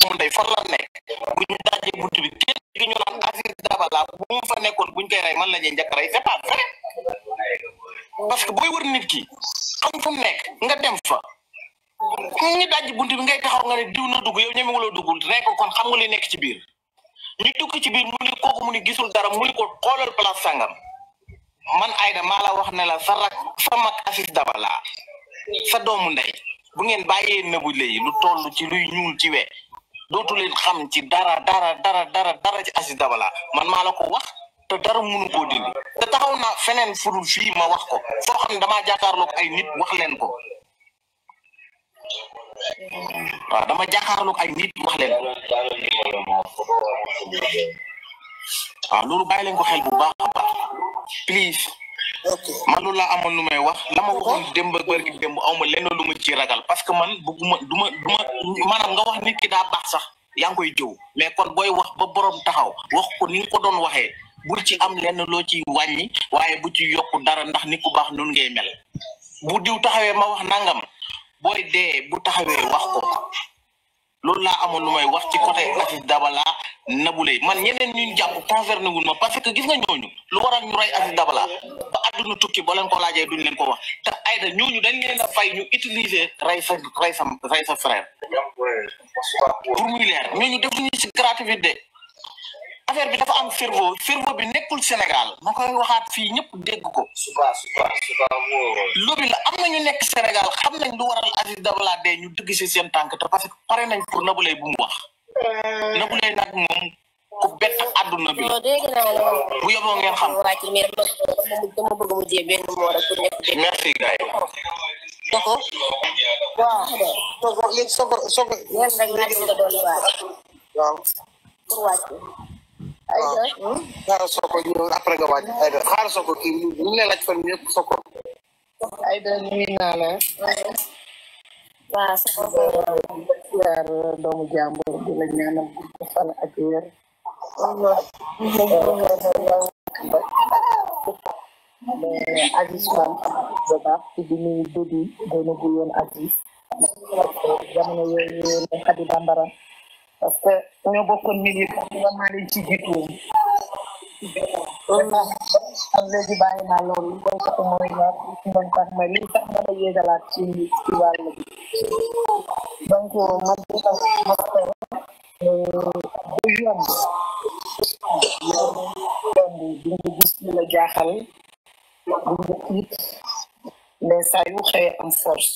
doomu ndey fan la nekk bu ñu dajee bunt bi kenn gi ñu naan Aziz Dabala bu mu fa nekkoon buñ koy rey man la ñuy njëkk rey c'est pas vrai parce que booy wër nit ki xam fu nga dem fa ñu dajji bunt bi ngay taxaw nga ne diw na dugg yow duggul rek kon xam nga li nekk ci biir ñu dugg ci biir mu ni kooku mu ni gisul dara mu ni ko xoolal place sangam man Aida maa la wax ne la sa rak sa mag Aziz Dabala sa doomu ndey bu ngeen lay lu ci luy ñuul ci dootu leen xam ci dara dara dara dara dara ci Aziz man maa la ko wax te dara mënu koo dindi te taxaw naa feneen fudul fii ma wax ko foo xam ne damaa jàkkaarloo ko ay nit wax leen ko wa dama jàkkaarloo ko ay nit wax leen ko waaw loolu bàyyi ko xel bu baax a baax please man loolu laa amoon lu may wax la ma waxoon démb ak barki démb aw ma lenn lu ma ciy ragal parce que man bëgguma ma du ma maanaam nga wax nit ki daa baax sax yaa ngi koy jëw mais kon booy wax ba borom taxaw wax ko ni nga ko doon waxee bul ci am lenn loo ciy wàññi waaye bu ci yokk dara ndax nit ku baax noonu ngay mel bu diw taxawee ma wax nangam booy dee bu taxawee wax ko loolu laa amoon lu may wax ci côté Aziz Dabala Nabou Leye man ñeneen ñu jàpp concerné wul ma parce que gis nga ñooñu lu waral ñu rey Aziz Dabala ba àdduna tukki ba leen ko laajee duñ leen ko wax te ayda ñooñu dañ leen a fay ñu utiliser rey sa rey sa rey sa frère pour muy leer ñooñu defuñu si gratuité affaire bi dafa am firgo firgo bi nekkul Sénégal ma koy waxaat fii ñëpp dégg ko. suba la am na ñu nekk Sénégal xam nañ lu waral Aziz Dabala dee ñu dëgg si seen tànk te parce que pare nañ ko pour Nabou Leye bu mu wax. Euh. Nabou Leye nag moom ku bett àdduna bi. bu yóbboo ngeen xam. merci gars yi. waaw. Ayo, harus ko ñu après nga wàññi ay doon xaar soo ko kii mu ne laaj fan yëpp soo ay doon ñu ngi la. waaw soo ko doomu jàmbur di la ñaanal ko fan ak wér. mais Aziz Fane bu baax ci bi muy dugg kadi woon di parce que ñoo bokkoon milieu nga maa leen ci jiitu am léegi bàyyi naa loolu koy sax mooy ñaar man tax ma li tax ma la yéegalaat ci ci wàll donc euh, ma dina ma ko bu yomb yomb di nga gis li la jaaxal di nga tiit mais saa yu xëyee am force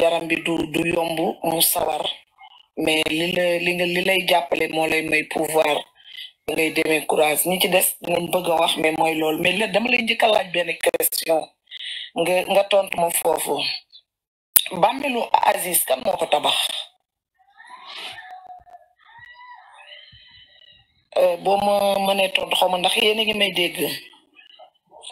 yaram bi du du yomb mu sawar mais li li nga li lay jàppale moo lay may pouvoir ngay demee courage ñi ci des dinañ bëgg a wax mais mooy loolu mais la dama lay njëkk a laaj benn question nga nga tontu ma foofu bàmmeelu Aziz kan moo ko tabax euh, boo ma mënee tontu xaw ma ndax yéen a ngi may dégg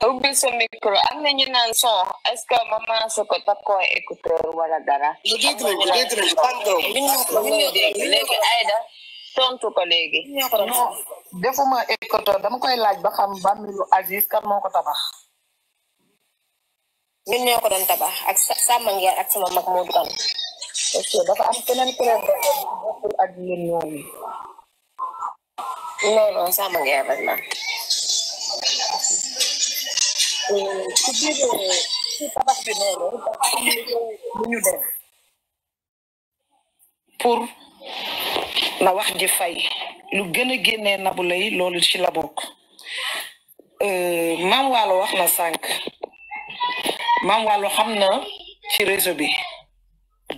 ubbi sa micro am na ñu naan son est-ce que maman su ko takkoo écouteur wala dara. lu dégg lu dégg lu pardon. léegi Aïda tontu ko léegi. defuma écouteur dama koy laaj ba xam bàmmilu Aziz kan moo ko tabax. ñun ñoo ko doon tabax ak sama ngeer ak sama mag moo dugal. ok dafa am keneen keneen bokkul ak ñun ñooñu. non non sama ngeer rek la. ci biir ci ñu dem pour na wax ji fay lu gën a génnee Nabou lay loolu ci la bokk euh, maam Waalo wax na sànq maam Waalo xam na ci réseau bi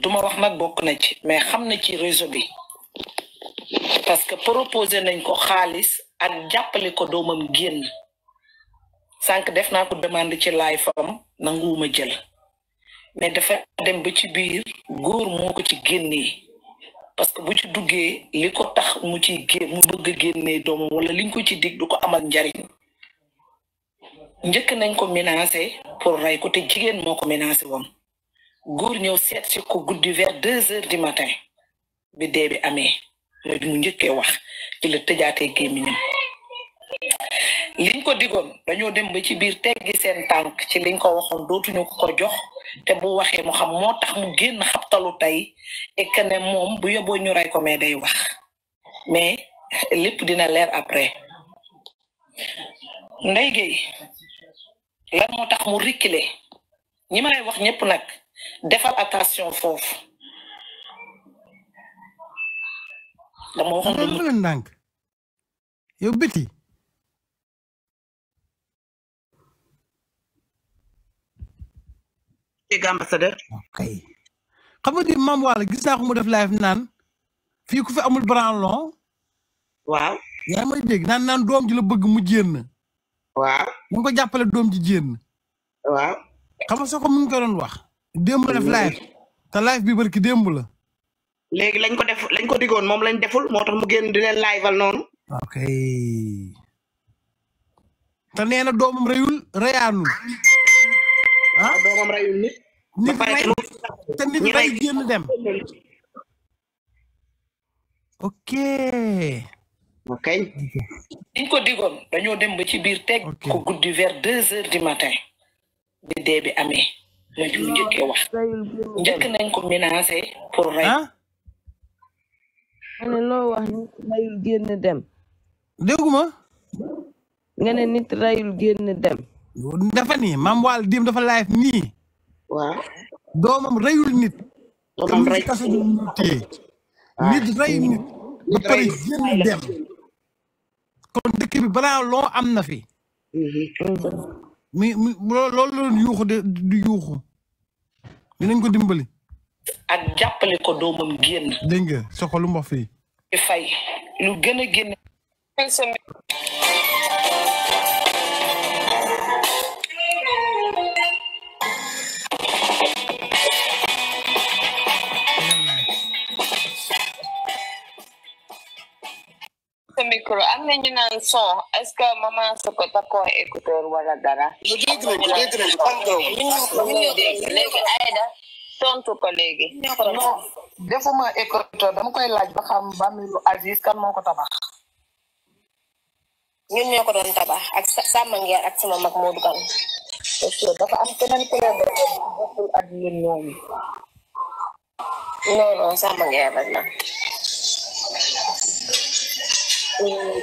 duma wax nag bokk na ci mais xam na ci réseau bi parce que proposé nañ ko xaalis ak jàppale ko doomam génn sànq def naa ko demande ci laay fam nanguwuma jël mais dafa dem ba ci biir góor moo ko ci génnee parce que bu ci duggee li ko tax mu ci gé mu bëgg a génnee doomam wala liñ ko ci dig du ko amal njariñ njëkk nañ ko menacé pour rey ko te jigéen moo ko menacé woon góor ñëw seet si ko guddi vers deux heures du matin bi dee bi amee mooy mu njëkkee wax ci la tëjaatee gémmiñam liñ ko digoon dañoo dem ba ci biir teggi seen tànk ci liñ ko waxoon dootuñu ko jox te bu waxee mu xam moo tax mu génn xabtalu tey et ne moom bu yóbboo ñu rey ko mais day wax mais lépp dina leer après Ndeye Gueye moo tax mu rikkile ñi ma lay wax ñépp nag defal attention foofu dama waxoon ndànk yow dégg ambassadeur. ok xam nga ni Mame Wally gis naa ko mu def live naan fii ku fi amul branlon. waaw. yaa may dégg naan naan doom ji la bëgg mu jéem. waaw mu ko jàppale doom ji jéem. waaw. xam nga soo ko mu ngi ko wax. démb la def live te live bi barki démb la. léegi lañ ko def lañ ko diggoon moom lañ deful moo tax mu génn di leen liveal noonu. ok. te nee na doom reyul reyaanul. ah doomam rayul nit. nit may génn dem. ok. ok. dañ ko digoon dañoo dem ba ci biir teg. ko guddi vers deux heures du matin. bi dee bi amee. la ñu njëkkee wax. nañ ko menacé pour rey. ma ah? ne loo wax nit rayul génn dem. dégguma. nga nit rayul génn dem. dafa ni maam waal dim dafa live nii. waaw doomam reyul nit. doomam rey ah, nit rey nit. ba pare génn dem. kon dëkk bi balaa loo am na fi. Mm-hmm. mi mi loolu la yuuxu de di yuuxu. ko dimbali. ak jàppale ko doomam génn. dégg nga soxalu mboq fii. fay génn. mi Qur'an ne ñinan son est ce que maman se ko takko écouteur wala dara ayda tontu ko léegi non defuma écouteur dama koy laaj ba xam bamilu aziz kan moo ko tabax ñun ñoo ko doon tabax ak sama ngeer ak sama mag moo dugal parce que dafa am keneen ku ne bokkul ak ñun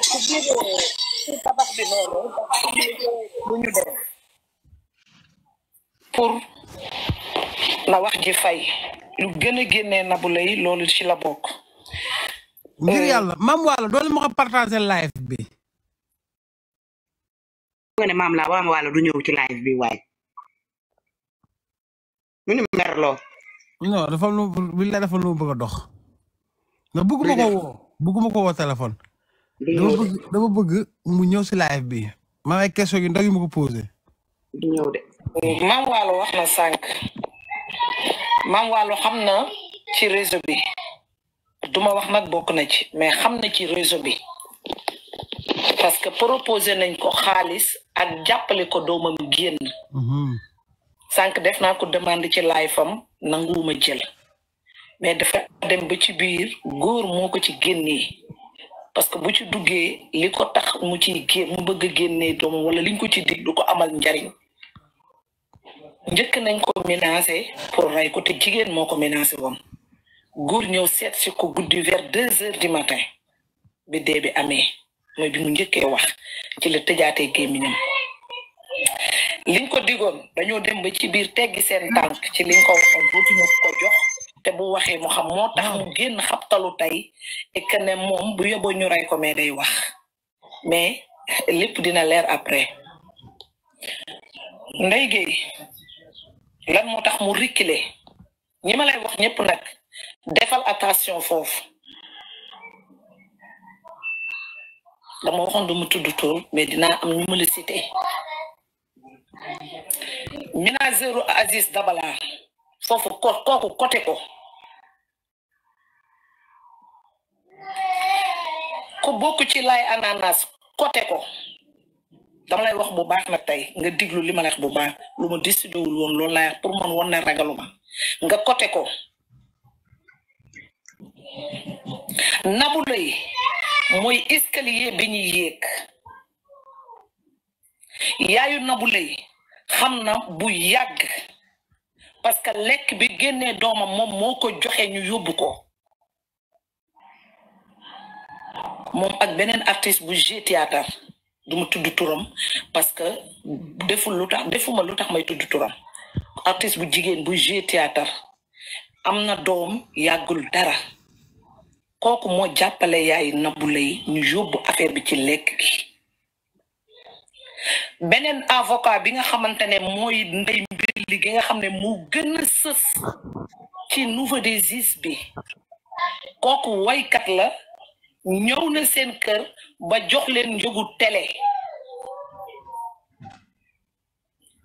ci biir wax ji fay lu gën a génnee Nabou Leye loolu ci la bokk. ngir euh, yàlla maam Wala doole ma ko partagé live bi. la maam Wala du ñëw ci waay. mu ni merloo. non dafa lu bi la dafa lu a dox. nga bëgguma ko ko woo téléphone. dama bëgg mu ñëw si live bi maa ngi yu ndaw yu maam Waalo wax na sànq maam Waalo xam na ci réseau bi duma wax nag bokk na ci mais xam na ci réseau bi parce que proposé nañ ko xaalis ak jàppale ko doomam génn. Mhm. sànq def naa ko demande ci live am nanguwuma jël mais dafa dem ba ci biir góor moo ko ci génnee. parce que bu ci duggee li ko tax mu ci gé mu bëgg a génnee doom wala liñ ko ci dig du ko amal njariñ njëkk nañ ko menacé pour rey ko te jigéen moo ko menacé woon góor ñëw seet si ko guddi vers deux heures du matin bi dee bi amee mooy bi mu njëkkee wax ci la tëjaatee gémmiñam liñ ko digoon dañoo dem ba ci biir teggi seen tànk ci liñ ko waxoon dootuñu ko jox te bu waxee mu xam moo tax mu ah. génn xabtalu tey et moom bu yóbboo ñu rey ko mais day wax mais lépp dina leer après Ndeye Gueye lan moo tax mu rikkile ñi ma lay wax ñépp nag defal attention foofu dama waxoon du mu tudd tool mais dina am ñu ma la cité ménagéru Aziz Dabala foofu ko kooku côté ko ci lay ananas côté ko dama lay wax bu baax nag tey nga diglu li ma lay bu baax lu ma décidé wul woon loolu laa pour man woon na nga côté ko Nabou Leye mooy escalier bi ñuy yéeg yaayu Nabou Leye xam na bu yàgg parce que lekk bi génnee doomam moom moo ko joxe ñu yóbbu ko moom ak beneen artiste bu jeu théâtre du tudd turam parce que deful lu tax defuma lu tax may tudd turam artiste bu jigéen bu jeu théâtre am na doom yàggul dara kooku moo jàppale yaay Nabou Leye ñu yóbbu affaire bi ci lekk gi beneen avocat bi nga xamante ne mooy ndey li gi nga xam ne mu gën a sës ci nouveau desis bi kooku waykat la ñëw na seen kër ba jox leen njëgu télé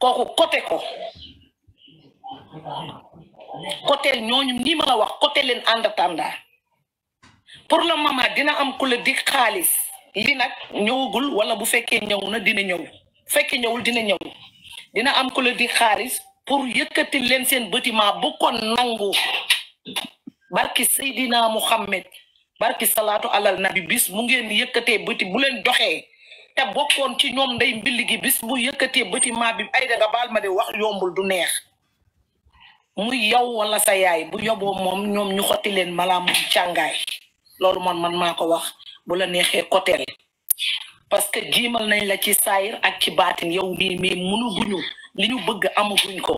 kooku côté ko côté ñooñu ni ma wax côté leen en attendant pour le moment dina am ku la xaalis li nag ñëwagul wala bu fekkee ñëw na dina ñëw fekkee ñëwul dina ñëw dina am ku la xaalis pour yëkkati leen seen bâtiment bu ko nangu barki Seydina Muhammad barki salaatu alal nabi bis mu ngeen yëkkatee bëti bu leen doxee te bokkoon ci ñoom nday mbilli gi bis bu yëkkatee bâtiment bi ay da baal ma de wax yombul du neex muy yow wala sa yaay bu yoboo moom ñoom ñu xotti leen malaa moom càngaay loolu man man maa ko wax bu la neexee koteel parce que jiimal nañ la ci saayir ak ci baatin yow mii mii munu guñu li ñu bëgg amaguñ ko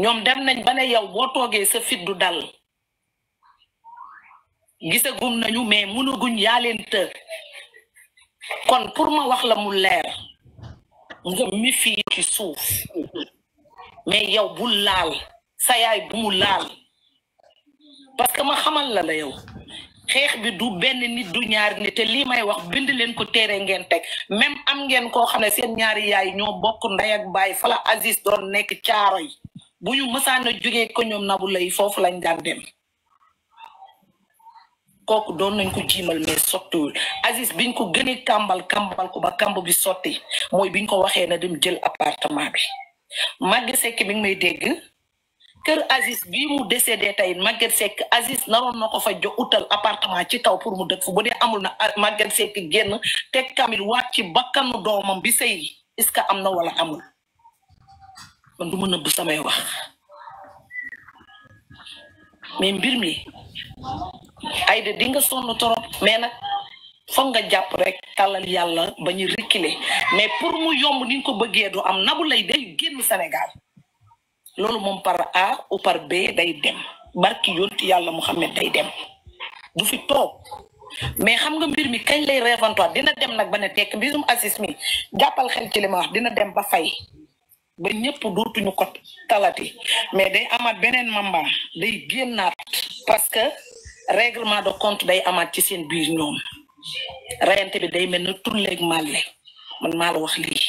ñoom dem nañ ba ne yow boo toogee sa fit du dal gisagum nañu mais mënaguñ yaa leen të kon pour ma wax la mu leer nga mi fii ci suuf mais yow bu laal sa yaay bu mu laal parce que ma xamal la la yow xeex bi du benn nit du ñaari nit te lii may wax bind leen ko téere ngeen teg même am ngeen koo xam ne seen ñaari yaay ñoo bokk ndey ak baay fala Aziz doon nekk caaro yi bu ñu mësaan a jógee ko ñoom nabu lay foofu lañ daan dem kooku doon nañ ko jiimal mais sottiwul Aziz biñ ko gënee kàmbal kàmbal ko ba kàmb gi sotti mooy biñ ko waxee na dem jël appartement bi mag Seck mi may dégg keur Aziz bi mu décédé tay Maguette sek Aziz naron noko fa jox utal appartement ci kaw pour mu dekk fu amul na ah, Maguette Sek génn tek kamil wat ci bakkanu domam bi sey est-ce amna wala amul man duma neub samay wax mais mbir mi ay de di nga sonn mais nak foog nga japp rek talal yalla bañu reculer mais pour mu yomb ni ko do am nabu day génn Sénégal loolu moom par A u par B day dem barki yonti yàlla Muhammad day dem du fi toog mais xam nga mbir mi kañ lay réventoire dina dem nag ba ne tekk mbisum Aziz mi jàppal xel ci li ma wax dina dem ba fay ba ñëpp dootuñu ko talati mais day amaat beneen mambaam day génnaat parce que règlement de compte day amaat ci seen biir ñoom reyante bi day mel ne tulleeg màlle man maa wax lii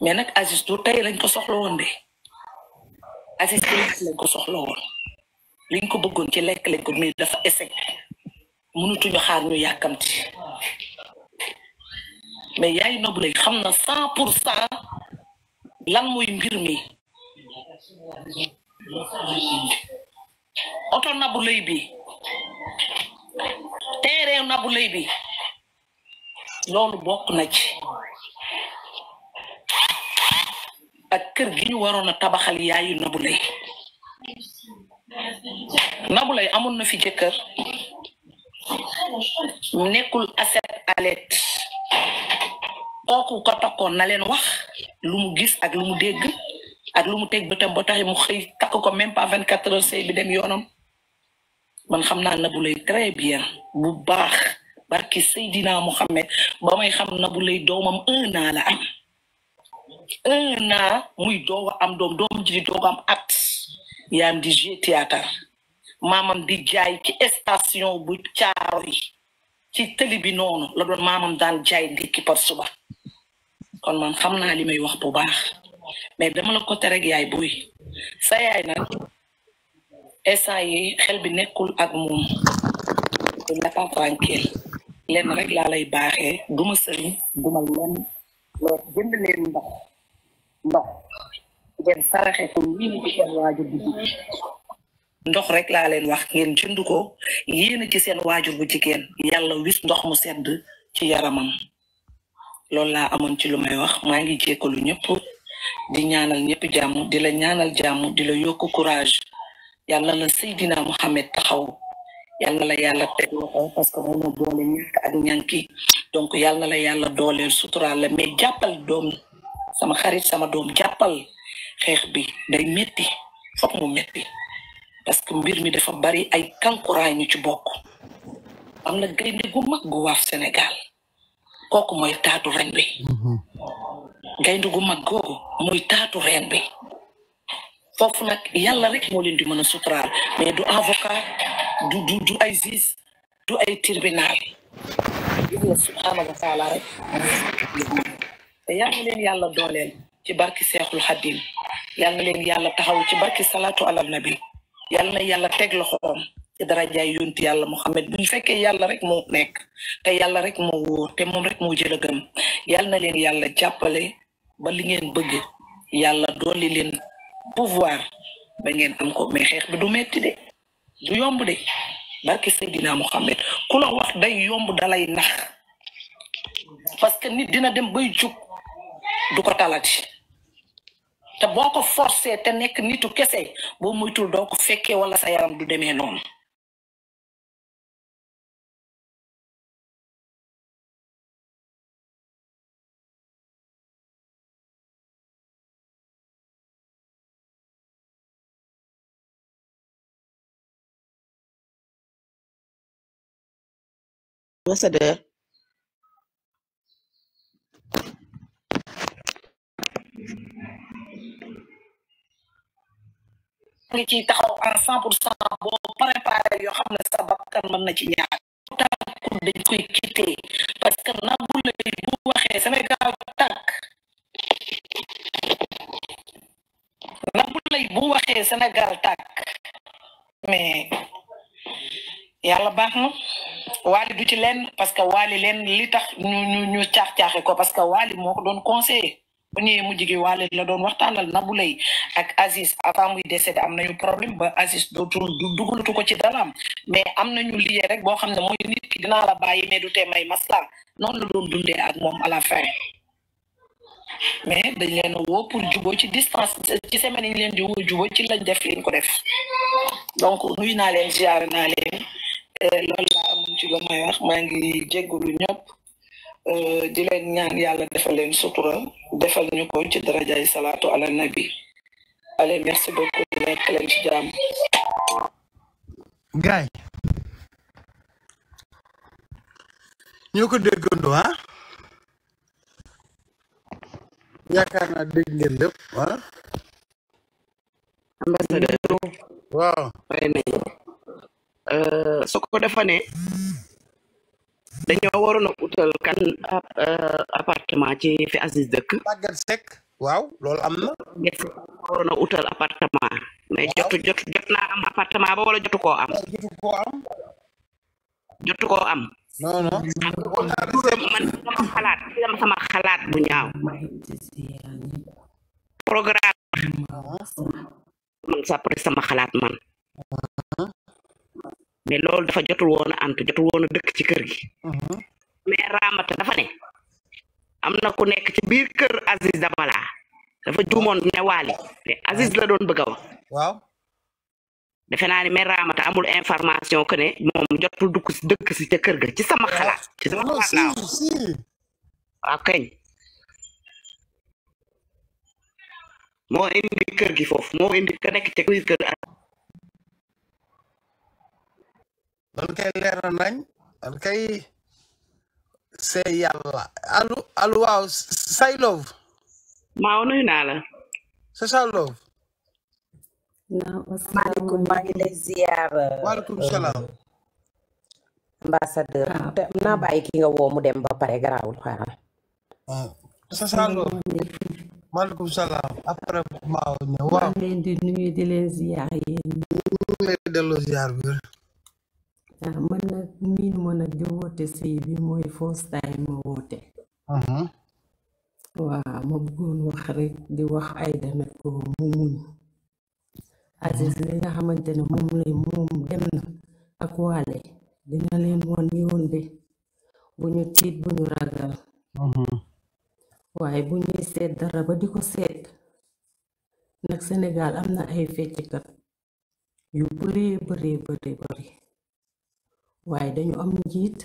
mais nag Aziz du tey lañ ko soxla woon de Aziz lañ ko soxla woon liñ ko bëggoon ci lekk lañ ko dafa échec mënutuñu xaar ñu yàkkamti mais yaay Nabou Leye xam na cent pour cent lan muy mbir mi oto Nabou Leye bi terrain Nabou Leye bi loolu bokk na ci ak kër gi ñu waroon a tabaxal yaayu Nabou Leye Nabou Leye amoon na fi jëkkër nekkul aset alet kooku ko takkoon na leen wax lu mu gis ak lu mu dégg ak lu mu teg bëtam ba tax mu xëy takk ko même pas vingt quatre heures sëy bi dem yoonam man xam naa Nabou Leye très bien bu baax barki Seydina Mohamed ba may xam Nabou Leye doomam un la am un an muy doog a am doom doom ji di am at yaam di jouer théâtre maamam di jaay ci station bu caaro yi ci tëli noonu la doon maamam daan jaay ndékki par suba kon man xam naa li may wax bu baax mais dama la ko tere ak yaay buy sa yaay nag instant yi xel bi nekkul ak moom il n'est pas tranquille rek laa lay baaxee duma sëriñ duma lenn loolu jënd leen ndox ndox ngeen saraxe ko lii di seen waajur bu jigéen ndox rek laa leen wax ngeen jënd ko yéen ci seen waajur bu jigéen yàlla wis ndox mu sedd ci yaramam loolu laa amoon ci lu may wax maa ngi jékkalu ñëpp di ñaanal ñëpp jàmm di la ñaanal jàmm di la yokk courage yàlla la Seydina Mohamed taxaw yàlla la yàlla teg loxo parce que moom la doole ñàkk ak donc yàlla la yàlla dooleel suturaal la mais jàppal doom sama xarit sama doom jàppal xeex bi day metti foog mu metti parce que mbir mi dafa bari ay kankuraay ñu ci bokk am na gaynde gu mag gu waaf Sénégal kooku mooy taatu ren bi mhm. gaynde gu mag googu mooy taatu ren bi foofu nag yàlla rek moo leen di mën a suturaal mais du avocat du du ay juge du ay tribunal te yal na leen yàlla dooleel ci barki seexul xaddim yal na leen yàlla taxaw ci barki salaatu alal nabi yal na yàlla teg loxoom ci darajaay yonti yàlla Muhammad bu mu fekkee yàlla rek moo nekk te yàlla rek moo wóor te moom rek moo jël a gëm yal na leen yàlla jàppale ba li ngeen bëgg yàlla dooli leen pouvoir ba ngeen am ko mais xeex bi du metti de du yomb de barki Seydina Muhammad ku la wax day yomb dalay nax parce nit dina dem bay jug du ko talati te boko forcer te nek nitu kesse bo muytul doo ko fekkee wala sa yaram du demee noonu ambassadeur ngi ciy taxaw en cent pour cent boo préparé yoo xam ne sa bakkan mën na ci ñaar tànkul dañ koy quitté parce que Nabou Leye bu waxee Sénégal tànk Nabou Leye bu waxee Sénégal tànk mais yàlla baax na waali du ci leen parce que waali leen li tax ñu ñu ñu caax-caaxe ko parce que waali moo ko doon conseillé bu ñëwee mujj gi waale la doon waxtaanal Nabou Leye ak Aziz avant muy décédé am na nañu problème ba du dootul dugalatu ko ci dalaam mais am nañu lié rek boo xam ne mooy nit ki dinaa la bàyyi mais du tee may masla noonu la doon dundee ak moom à la fin mais dañ leen a woo pour jubóo ci distance ci semaine yi ñu leen di ci lañ def liñ ko def donc nuyu naa leen ziare naa leen euh, loolu laa amoon ci la may wax maa ngi jéggalu ñëpp. Euh, di leen ñaan yàlla defal leen sutura defal ñu ko ci darajaay salaatu ala nabi allez merci beaucoup nekk leen gaay ñoo ko déggandoo ah yaakaar naa dégg lépp ah ambassadeur waaw euh, su ko dañoo waroon a utal kan euh, appartement ci fi Aziz dëkk. Maguette Seck waaw loolu am na. waroon a utal appartement. mais jotu jot jot naa am appartement ba wala jotu koo am. jotu koo am. man sama xalaat sama xalaat bu ñaaw. programme. Ah. sama xalaat man. mais loolu dafa jotul woon a antu jotul woon a dëkk ci kër gi mais raamata dafa ne am na ku nekk ci biir kër Aziz Dabala dafa juumoon ne waali te Aziz la doon bëgg a wax waaw defe naa ni mais raamata amul information que ne moom jotul dugg si dëkk si ca kër ga ci sama xalaat ci sama xalaat waaw kañ moo indi kër gi foofu moo indi ka nekk ci biir kër man kay leer nañ kay c'est yàlla allo say love maaw nuyu naa la sa sa love maaleykum maa ngi euh, ah. ki nga woo dem ba pare garaawul xaaral ah, sa sa love maaleykum salaam waaw leen di nuyu di leen ziar yéen ñu ngi lay delloo ziar bi waaw man nag miin ma nag di woote sëy bi mooy first time woote mm-hmm. waaw ma bëggoon wax rek di wax Aida nag ko mu muñ Aziz li mm-hmm. nga xamante ne moom lay moom dem na ak waale dina leen woon yoon bi bu ñu tiit bu ñu ragal mm-hmm. waaye bu ñuy seet dara ba di ko seet nag Sénégal am na ay fecckat yu bëree bëree bëri bëri waaye dañu am njiit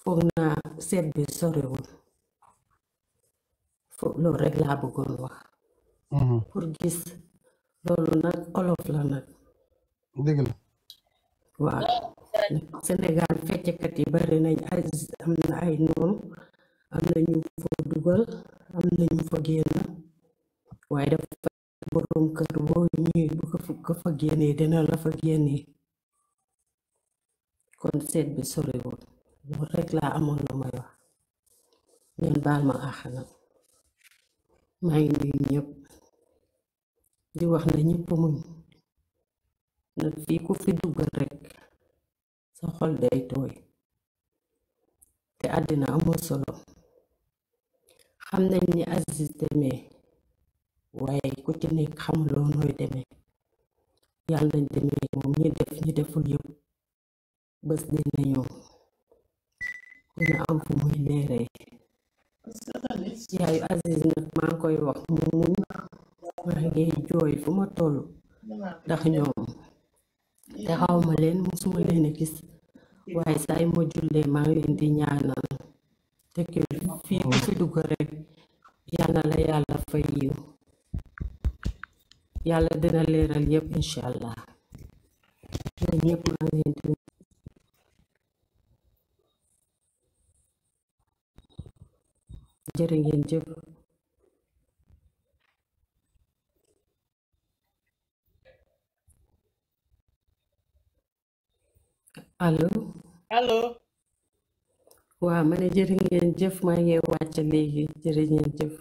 foog naa seet bi sorewul foog loolu rek laa bëggoon wax mm-hmm. pour gis loolu nag olof la nag Sénégal fecckat yi bari nañ ay am na ay noonu am na ñu fa dugal am na ñu fa génn waaye dafa borom kër boo ñëwee bu ko fa génnee dina la fa génnee kon seet bi soriwul loolu rek laa amoon lu may wax ngeen baal ma àq nag maa ngi nuyu ñëpp di wax na ñëpp muñ nag fii ku fi duggal rek sa xol day tooy te àddina amul solo xam nañ ni Aziz demee waaye ku ci nekk xamuloo nooy demee yàlla nañ demee moom ñi def ñi deful yëpp bés dina ñëw dina am fu muy leeree yaayu Aziz nag maa ngi koy wax mu muñ maa ngi jooy fu ma toll ndax ñoom te xawma leen suma leen a gis waaye saay ma jullee maa ngi di ñaanal te fii ku fi dugg rek yal na la yàlla fay yiw yàlla dina leeral yépp incha allah ñëpp maa ngi di jërë jëf allo allo waaw ma ne jërë ngeen jëf maa ngi wàcc léegi jërë ngeen jëf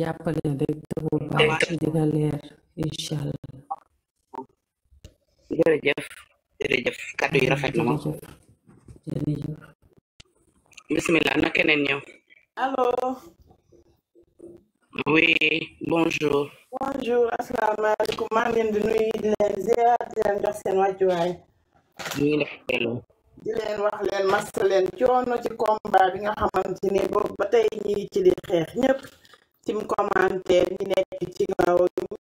jàppale rek te bu baax dina leer incha allah jërëjëf jërëjëf kàddu yi rafet na moom bismillah na keneen ñëw Allô? Oui, bonjour. Bonjour, asalaamaaleykum maa ngi leen di di leen ziar di leen jox di leen wax leen massa leen coono ci combat bi nga xamante ni ba tey ñi ci di xeex ñëpp ci commentaire ñi nekk ci gaaw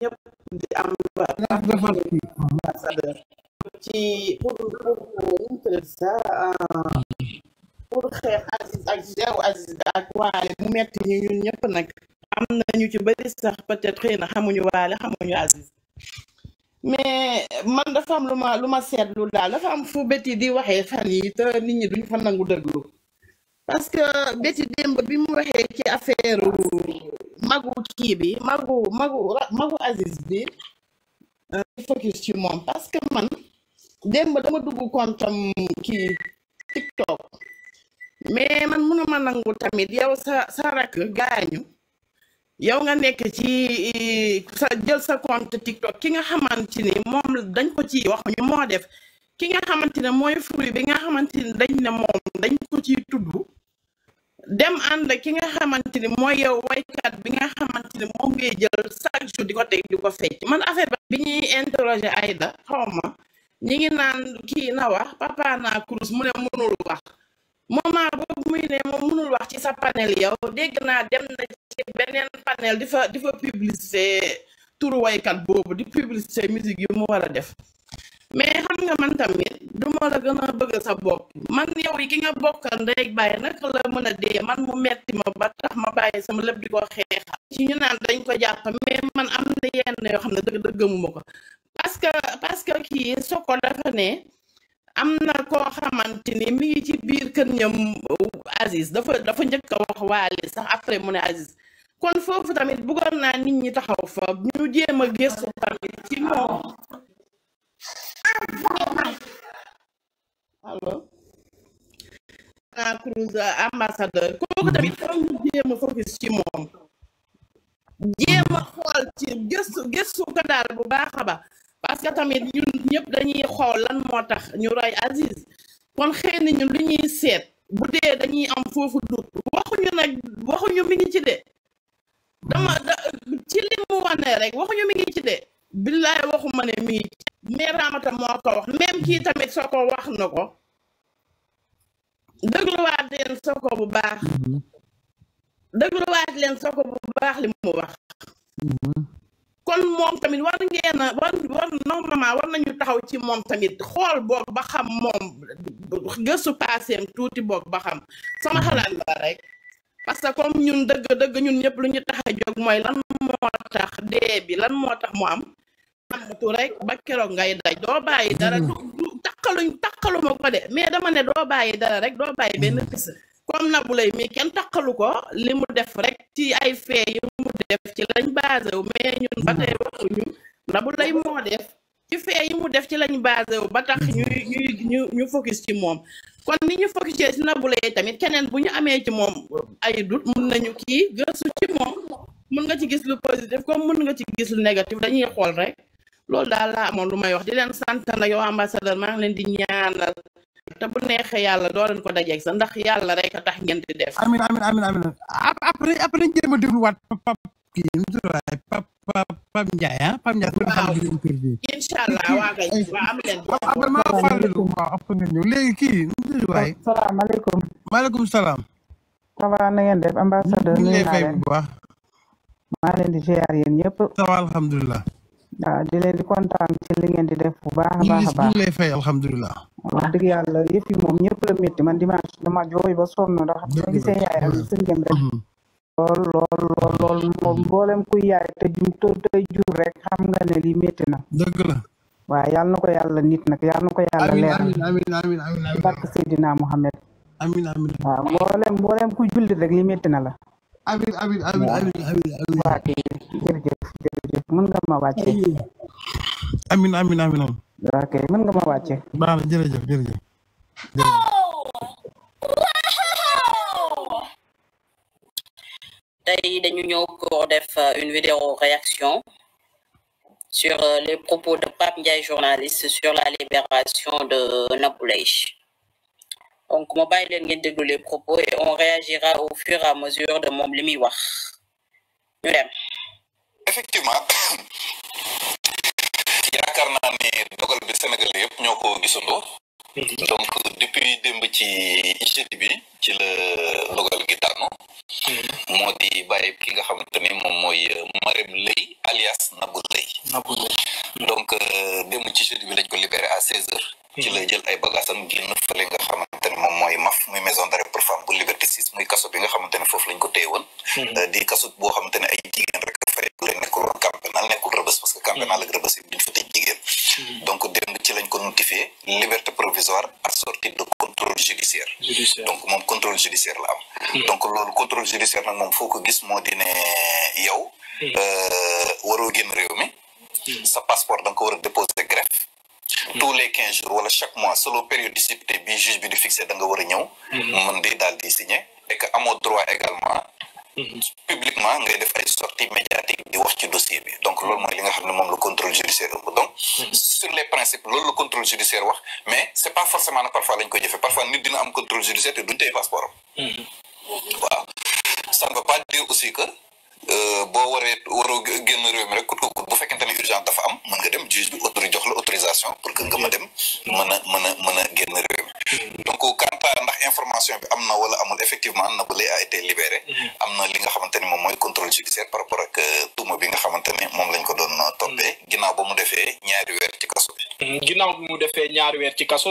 ñëpp di am ba ambassadeur ci pour pour pour pour xeex Aziz ak yow Aziz ak waale mu metti ñu ñun ñëpp nag am nañu ci bari sax peut-être xëy na xamuñu waale xamuñu Aziz mais man dafa am lu ma lu ma seetlu daal dafa am fu Betty di waxee fan yi te nit ñi duñ fa nangu déglu parce que Betty démb bi mu waxee ci affaire magu kii bi magu magu magu Aziz bi euh, focus ci moom parce que man démb dama dugg compte am kii TikTok mais man mënuma nangu tamit yow sa sa rakk gaañu yow nga nekk ci sa jël sa compte TikTok ki nga xamante ni moom dañ ko ci wax ñu moo def ki nga xamante ne mooy fruit bi nga xamante ni dañ ne moom dañ ko ciy tudd dem ànd ki nga xamante ni mooy yow waykat bi nga xamante ni moom ngay jël chaque jour di ko teg di ko fecc man affaire ba bi ñuy interroger Aïda xaw ma ñi ngi naan kii na wax papa naa kurus mu ne mënul wax moment boobu muy ne moom mënul wax ci sa panel yow dégg naa dem na ci beneen panel di fa di fa publicité turu waykat boobu di publicité musique yi mu war a def mais xam nga man tamit du ma la gën a bëgg sa bopp man yow yi ki nga bokkal ndey bàyyi naka la mën a dee man mu metti ma ba tax ma bàyyi sama lépp di ko xeexal ci ñu naan dañ ko jàpp mais man am na yenn yoo xam ne dëgg dëggamuma ko parce que parce que kii soo ko dafa ne am na koo xamante ni mi ngi ci biir kër ñam Aziz dafa dafa njëkk a wax waali sax après mu ne Aziz kon foofu tamit bëggoon naa nit ñi taxaw fa ñu jéem a tamit ci moom allo na Cruz ambassadeur kooku tamit foog ñu jéem mm. xool ci gëstu gëstu ko daal bu baax parce tamit ñun ñëpp dañuy xool lan moo tax ñu roy Aziz kon xëy na ñun ñuy seet bu dee dañuy am foofu dut waxuñu nag waxuñu mi ngi ci de dama ci li mu wane rek waxuñu mi ngi ci de billaay waxuma ne mi ngi ci mais Ramata moo ko wax même kii tamit Soko wax na ko dégluwaat leen Soko bu baax mm-hmm. dégluwaat leen Soko bu baax li mu wax mm-hmm. kon moom tamit war ngeen a war war normalement war nañu taxaw ci moom tamit xool boog ba xam moom gëstu paaseem tuuti boog ba xam sama mhm. xalaat la rek parce que comme ñun dëgg dëgg ñun ñëpp lu ñu tax a jóg mooy lan moo tax dee bi lan moo tax mu am amatu rek ba keroog ngay daj doo bàyyi dara. Mhm. takkaluñ takkaluma ko de mais dama ne doo bàyyi dara rek doo bàyyi benn mhm. piste. comme Nabou Leye mi kenn taqalu ko li mu def rek ci ay fee yi mu def ci lañ basé wu mais ñun ba tey waxuñu Nabou Leye moo def ci fee yi mu def ci lañ basé wu ba tax mm-hmm. ñuy ñuy ñu ñu focus ci moom kon ni ñu focusé ci Nabou Leye tamit keneen bu ñu amee ci moom ay doute mun nañu kii gëstu ci moom mun nga ci gis lu positif comme mun nga ci gis lu négatif dañuy xool rek loolu daal laa amoon lu may wax di leen sant na yow ambassadeur maa ngi leen di ñaanal te bu neexee yàlla doo leen ko dajeeg sa ndax yàlla rek a tax ngeen di def. amiin amiin amiin amiin après après jéem a dégluwaat pap kii nu mu tudd waay pap pap pap Ndiaye ah pap Ndiaye. waaw incha allah waa kay waa am leen. après maa fàllilu waaw après nga ça va na ngeen def ambassadeur. bu baax. di ziar ça va a di leen di kontaan ci di def bu baax a baax a baax lay fay alhamdulilah wax dëgg yàlla yëf yi moom ñëpp la métti man dimanche dama jooy ba sonn ndax dama gisee yaay ram sëngëm rek lool lool mboolem kuy yaay te jum te tey jur rek xam nga ne lii métti na dëgg la yàlla na ko yàlla nit nag na ko yàlla leer amiin amiin amiin barke mboolem mboolem ku jullit rek li métti na la Amin, Amin, Amin, Amin. Ok, ami. ma ami, Amin, Amin, Amin. une vidéo réaction sur euh, les propos de Pape Ndiaye journaliste sur la libération de Nabou donc ma bàyyi leen ngeen déglu les propos et on réagira au fur et à mesure de mon li wax ñu dem. effectivement yaakaar naa ne dogal bi Sénégal yépp ñoo ko gisandoo. Mhm. donc depuis démb ci jeudi bi ci la dogal gi daanu. Mhm. moo di bàyyi ki nga xamante ni moom mooy euh, Marème Leye alias Nabou Leye. donc euh, démb ci jeudi bi lañ ko libéré à 16h. ci lay jël ay bagages am génn fële nga xamante moom mooy maf muy maison d'arrêt pour femme bu liberté six muy kaso bi nga xamante foofu lañ ko téye woon hmm. euh, di kaso boo xamante ay jigéen rek fay bu nekkul rëbës parce que campénal ak rëbës yi duñ fa tëj jigéen hmm. donc démb ci lañ ko notifié liberté provisoire assortie de contrôle judiciaire donc moom contrôle judiciaire la am hmm. donc loolu contrôle judiciaire nag moom foo ko gis moo di ne yow euh, génn nga war a ñëw ñaari weer ci kaso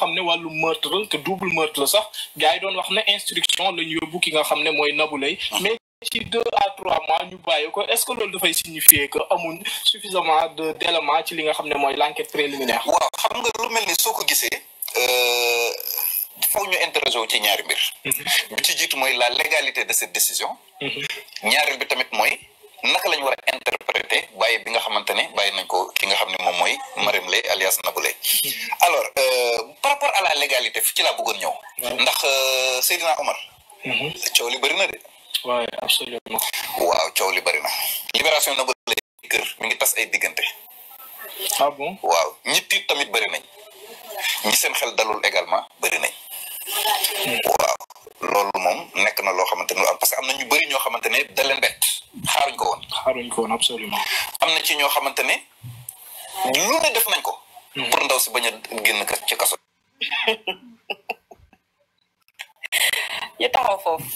xam ne wàllu meurtre te double meurtre sax la ñu yóbbu ne mooy Nabou Leye ah. mais ci deux à trois ko est-ce que loolu dafay signifier que amuñ suffisamment mooy l'enquête préliminaire waaw xam nga lu mel ni soo ko gisee euh, faw ñu interroger wu ci ñaari mbir mhm. bi ci jiitu mooy la légalité de cette décision mhm. ñaareel bi tamit mooy naka la ñu war a interpréter bàyyi bi nga xamante ne bàyyi nañ ko ki nga xam ne moom mooy Marème Lay alias Nabou Lay hmm. alors euh, par rapport à la légalité fi ci laa bëggoon ñëw. ndax euh, Seydina Omar. Hmm. coow li bëri na de. waaw absolument. waaw coow li bëri na. libération Nabou Lay kër mu ngi tas ay diggante. Ah waaw ñi tamit bëri nañ ñi seen xel dalul également bëri nañ. Hmm. waaw loolu moom nekk na loo xamante ne parce que am na ñu bëri ñoo xamante ne da leen bett xaaruñ ko woon. xaaruñ ko woon am na ci ñoo xamante ne lu ne def nañ ko. Mm. pour ndaw si bañ a génn ci kaso. ñu taxaw foofu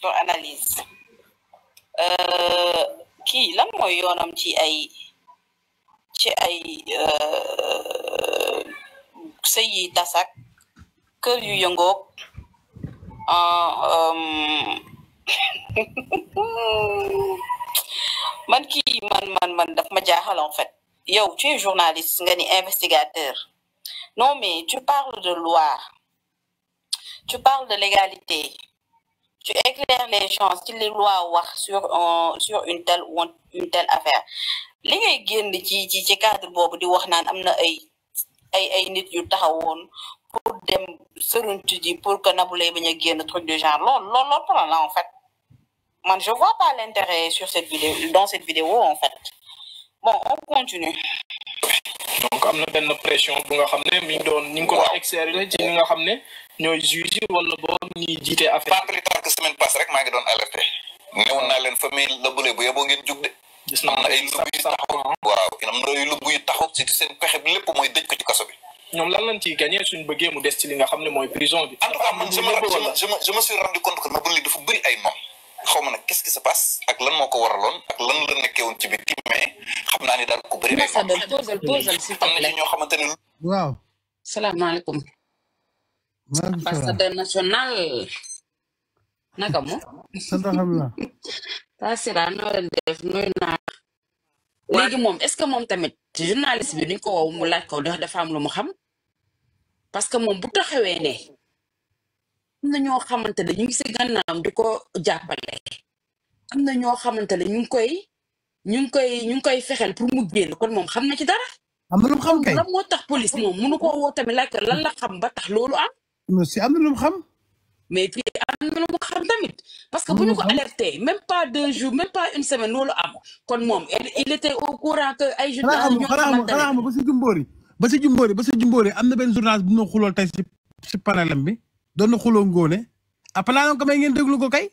pour analyse euh, kii lan mooy yoonam ci ay ci ay euh, sëy yi tasak kër yu yëngoog. Ah, um, man kii man man man daf ma jaaxal en fait yow tu es journaliste nga ni investigateur non mais tu parles de loi tu parles de légalité tu éclaires les gens ci les lois wax sur un sur une telle ou une telle affaire li ngay génn ci ci cadre boobu di wax naan am na ay ay ay nit yu taxawoon pour dem sëruntu ji pour que naboulay baña guen a truc de genre lool lool lool plan la en fait man je vois pas l'intérêt sur cette vidéo dans cette vidéo en fait bon on continue donc amna ben pression bu nga xamné ne mi ngi doon ñu ngi ko doon exercer ci nga xamné ñoy ñooy juge wala bo ni jiite affaire pas plus tard que semaine passée rek ma ngi doon alerté newoon na len famille Nabou Leye bu yeboo ngeen jug de gis na ay lubbu yu taxaw waaw am na ay lubbu yu taxaw ci seen pexe bi lépp mooy dëj ko ci kasso bi ñoom lan lañ ciy gagné suñ bëggee mu des ci li nga xam ne mooy prison bi. en tout cas man je me je me suis rendu compte que dafa bëri ay noom. xaw ma nag quest que qui se passe ak lan moo ko waraloon ak lan la nekkee woon ci biti mais xam naa ne daal ku bëri ay noom. am na ci ñoo ne. waaw. salaamaaleykum. ambassadeur national. naka mu. sant alhamdulilah. Tassira naa. léegi moom est-ce que moom tamit journaliste bi ñu ko wow mu laaj ko ndax dafa am lu mu xam parce que moom bu taxawee ne am na ñoo xamante ne ñu ngi si gànnaam di ko jàppale am na ñoo xamante ne ñu ngi koy ñu ngi koy ñu ngi koy fexeel pour mu génn kon moom xam na ci dara. am na lu mu xam kay lan moo tax police moom mënu ko woo tamit laaj ko lan la xam ba tax loolu am. si am na lu xam. mais puis na mu xam tamit parce que bu ñu ko mmh, alerté même pas deux jours même pas une semaine loolu am kon moom il était au courant que ay jeunes ñoo xamante ne ba si jumboori ba si jumboori ba si jumboori am na benn journaliste bu ñu xulool tey si si panelam bi doon na xuloo ngóone après laa ko may ngeen déglu ko kay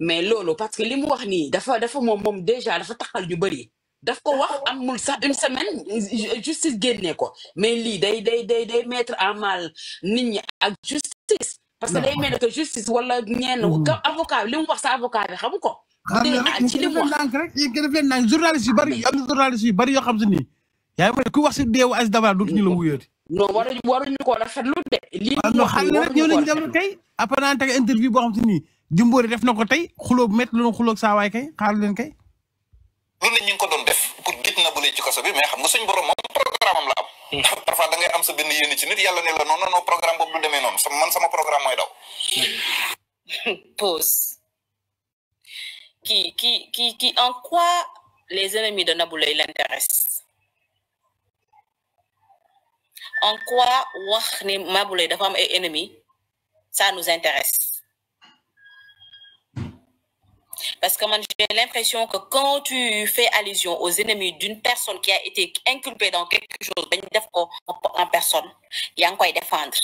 mais lolo, parce que li mu wax nii dafa dafa moom moom déjà dafa taxal ñu bëri daf ko wax amul sax une semaine justice génnee ko mais lii day day day day mettre en mal nit ak justice parce que day mel ne que justice wala ñenn mm-hmm. avocat bi li mu wax sa avocat xam ko. ci li def leen naan journaliste bari am na xam si nii. yaa ngi ku wax si deewu Aziz Dabala dootuñu la wuyooti. non waruñu waruñu koo rafetlu de. lii ñu wax nii waruñu interview boo xam si nii Jimbori def na ko tey xuloo bu métti loolu xuloo saa kay xaar leen kay. loolu la ñu doon def pour gis na bu ne ci kaso xam nga suñu borom programme hmm. am la am parfois da ngay am sa bind yeen ci nit yalla ne la non non programme boobu du demee noonu sa man sama programme moy daw pause hmm. ki ki ki, ki en quoi les ennemis de Naboulaye l'intéressent en quoi wax ne Naboulaye dafa am ay ennemis ça nous intéresse Parce que moi, j'ai l'impression que quand tu fais allusion aux ennemis d'une personne qui a été inculpée dans quelque chose, ben, en personne, il y a quoi défendre.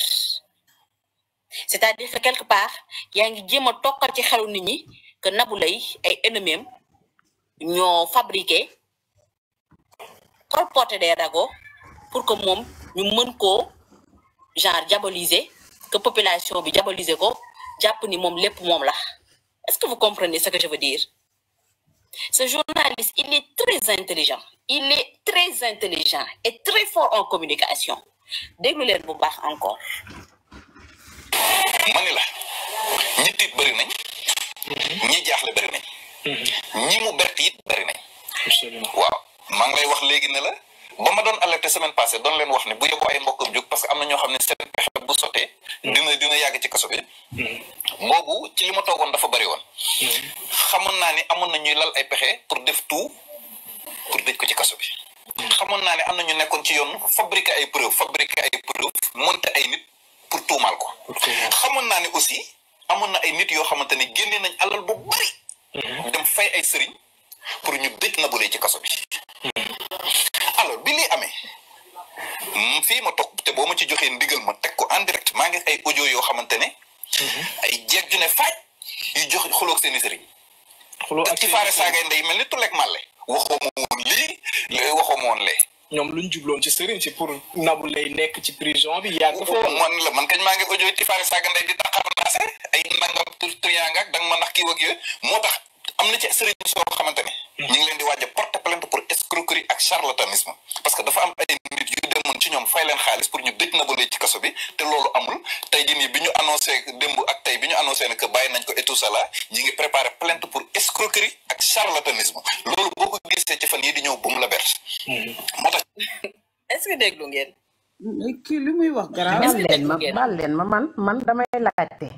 C'est-à-dire que quelque part, il y a un guillemot qui est que Naboulaye est ennemi, ils ont fabriqué, colporté des ragots pour que nous, nous ko genre diaboliser, que la population diabolise ko, ni mom, les mom là. Est-ce que vous comprenez ce que je veux dire Ce journaliste, il est très intelligent. Il est très intelligent et très fort en communication. déglu leen bu baax encore. ma ne la ñi tiit bëri nañ. Mhm. ñi jaaxle bëri nañ. Mhm. ñi mu bett it bëri nañ. waaw maa ngi wax léegi ne la ba ma alerté semaine passée doon leen wax ne bu pas ay mbokkam jóg parce que nous avons ñoo xam qui seen pexe bu dina dina yàgg ci kaso bi. Mm-hmm. boobu ci li ma toogoon dafa bari woon. Mm-hmm. xamoon naa ne amoon na ñuy lal ay pexe pour def tout pour dëj ko ci kaso bi. Mm-hmm. xamoon naa ne am na ñu nekkoon ci yoon fabriquer ay preuve fabriquer ay preuve monter ay nit pour tuumaal ko. xamoon naa ne aussi amoon na ay nit yoo xamante ne génne nañ alal boobu dem fay ay sëriñ pour ñu dëj na bu ci kaso bi. alors bi lii amee. Hmm, fii ma toog te boo ma ci joxee ndigal ma teg ko en maa ngi ay ojo yoo xamante ne. Mhm. ay jeeg ju ne faaj yu jox xulóog seen i sëriñ. xulóog ak ci faare saagay ndey mel ni tulleeg màlle. waxoo ma woon lii waxoo ma woon lee. ñoom lu ñu jubloon ci sëriñ si pour nabu lay nekk ci prison bi yaa ko foofu man la man kañ maa ngi audio yi ci faare saaga ndey di taxaw naase ay nangam tur danga ma nax kii ak moo tax. amna ci serigne so xamantene ñi ngi leen di wajje a plainte pour escroquerie ak charlatanisme parce que dafa am ay nit yu demoon ci ñom fay leen xaalis pour ñu dëj na bu ci kasso bi te loolu amul tay jii nii bi ñu annoncé démb ak tay biñu ñu annoncé ne que nañ ko et tout cela ñi ngi préparer plainte pour escroquerie ak charlatanisme loolu boo ko ci fan yi di ñew bu mu la bett hmm. motax est-ce que déglu ngeen ki li muy wax grave leen ma baal leen ma man man damay laajte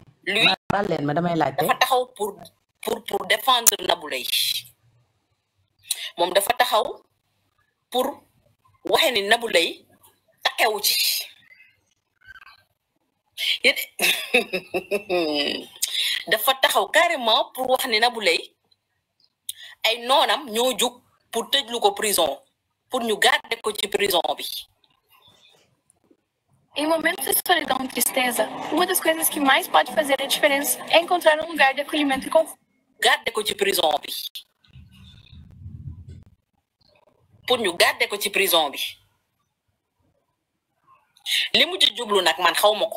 baal leen ma damay laaté dafa taxaw pour pour pour défendre Nabou Leye moom dafa taxaw pour waxe ni Nabou Leye takkewu ci dafa taxaw carrément pour wax ni Nabou Leye ay noonam ñoo jug pour tëjlu ko prison pour ñu garder ko ci prison bi Em momentos de solidão e tristeza, uma das coisas que mais pode fazer a diferença é encontrar um lugar de acolhimento e conforto. gardé ko ci prison pour nous, garder ko ci prison bi li mu ci man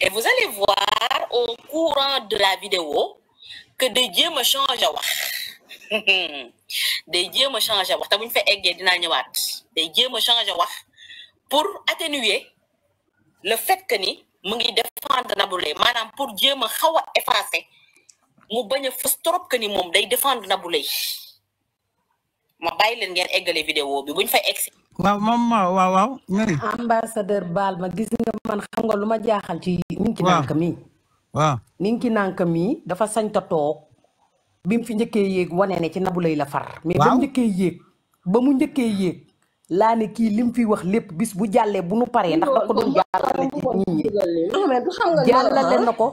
et vous allez voir au courant de la vidéo que dieux me wax pour atténuer le fait que ni. mu ngi défendre Nabou Leye maanaam pour jéem a xaw a effacer mu bañ a fës trop que ni moom day défendre Nabou Leye ma bàyyi leen ngeen eggale vidéo bi buñ fay egsi waaw moom waaw waaw waaw Marie ambassadeur baal ma gis nga man xam nga lu ma jaaxal ci Ninki Nanka mii waaw Ninki Nanka mii dafa sañ ta bi mu fi njëkkee yéeg wane ne ci Nabou Leye la far mais ba mu njëkkee yéeg ba mu njëkkee yéeg laa ne kii li mu fi wax lépp bis bu jàllee bu nu paree ndax da ko doon nit ñi jàllale na ko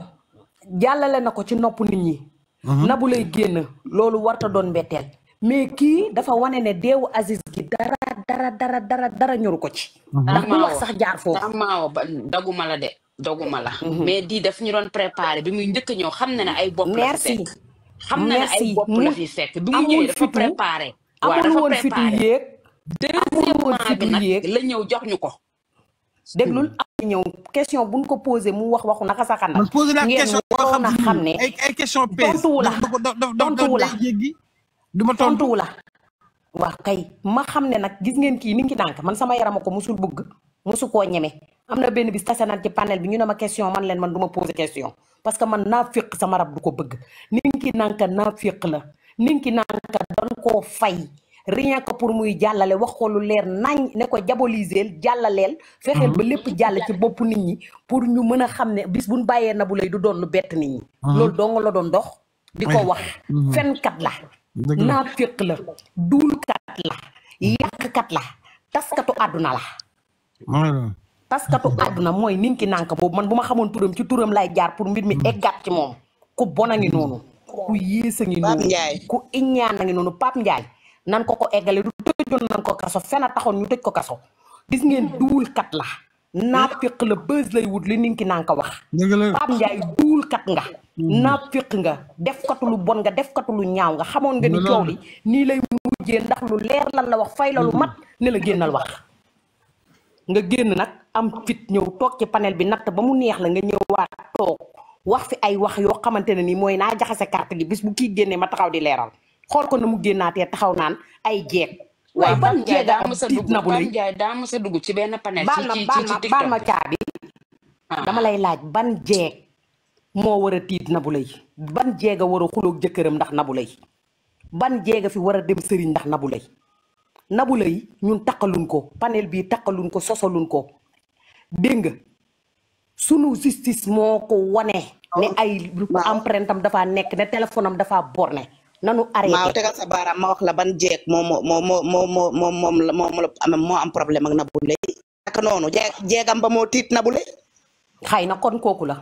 jàllale na ko ci nopp nit ñi mhm. nabu lay génn loolu warta doon mbetteel mais kii dafa wane ne deewu Aziz gi dara dara dara ñoru ko ci mhm. ndax du wax sax jaar foofu ndax maawo daguma la de daguma la mhm. mais di daf ñu doon préparé bi muy njëkk ñëw xam ne ne ay bopp la fi fekk xam na ne ay bopp la fi fekk bi mu ñëwee dafa préparé amul woon fitu yéeg la ñëw jox ñu ko déglul am ñëw question bu buñ ko posé mu wax waxu naka sa xanaa. posé naa question boo xam ne xam ne ay ay question pexe tontuwu la du ma tontuwu la. waaw kay ma xam ne nag gis ngeen kii ni ngi nànk man sama yarama ko musul bëgg musu koo ñeme am na benn bi tase nañ ci panel bi ñu ne ma question man leen man du ma posé question parce que man naa naafiq sama rab du ko bëgg ni ngi nànk naafiq la ni ngi nànk dañ koo fay. rien que pour muy jàllale wax ko lu leer nañ ne ko diaboliser jàllaleel. fexeel ba mhm. lépp jàll ci bopp nit ñi pour ñu mën a xam ne bis buñ bàyyee na bu Leye du doon lu bett nit ñi. Mhm. loolu dong la doon dox. di ko wax mhm. fenkat la. naaféq la duulkat la yàqkat la taskatu àdduna la. taskatu àdduna mooy ki nànk boobu man bu ma xamoon turam ci turam lay jaar pour mbir mi eggaat ci moom ku bon a ngi noonu ku yées a ngi noonu ku iñaan a ngi noonu Pape Ndiaye nan ko ko egalé du tëjoon nan ko kaso fena taxoon ñu tëj ko kasso gis ngeen duul kat la nafiq le beuz lay wut li ninki nan ko wax pam jaay duul kat nga hmm. nafiq nga def katu lu bon nga def katu lu ñaaw nga xamone nga ni coow li lay mujjé ndax lu leer lan la wax fay la lu mat ne la gennal wax nga genn nak am fit ñew tok ci panel bi nat ba mu neex la nga waat tok wax fi ay wax yo xamantene ni moy na jaxase carte gi bis bu ki genné ma taxaw di leral xool ko na mu génnaatee taxaw naan ay jeeg. waaye ban jeeg daa mos a dugg ci benn panel. ci ci ma caabi. Ah. dama lay laaj ban jeeg moo war a tiit Nabou Leye ban jeeg a xuloog jëkkëram ndax Nabou Leye ban jeega fi war a dem sëriñ ndax Nabou Leye Nabou Leye ñun taqaluñ ko panel bi taqaluñ ko sosaluñ ko dégg nga sunu justice moo ko wane ne ay empreinte dafa nekk ne téléphone am dafa borne nanu arrêté waaw tegal sa baaraam ma wax la ban jeeg moom moo moo moo moo moom moom la moo am problème ak Nabou Leye naka noonu jeeg jeegam ba moo tiit Nabou Leye xëy na kon kooku la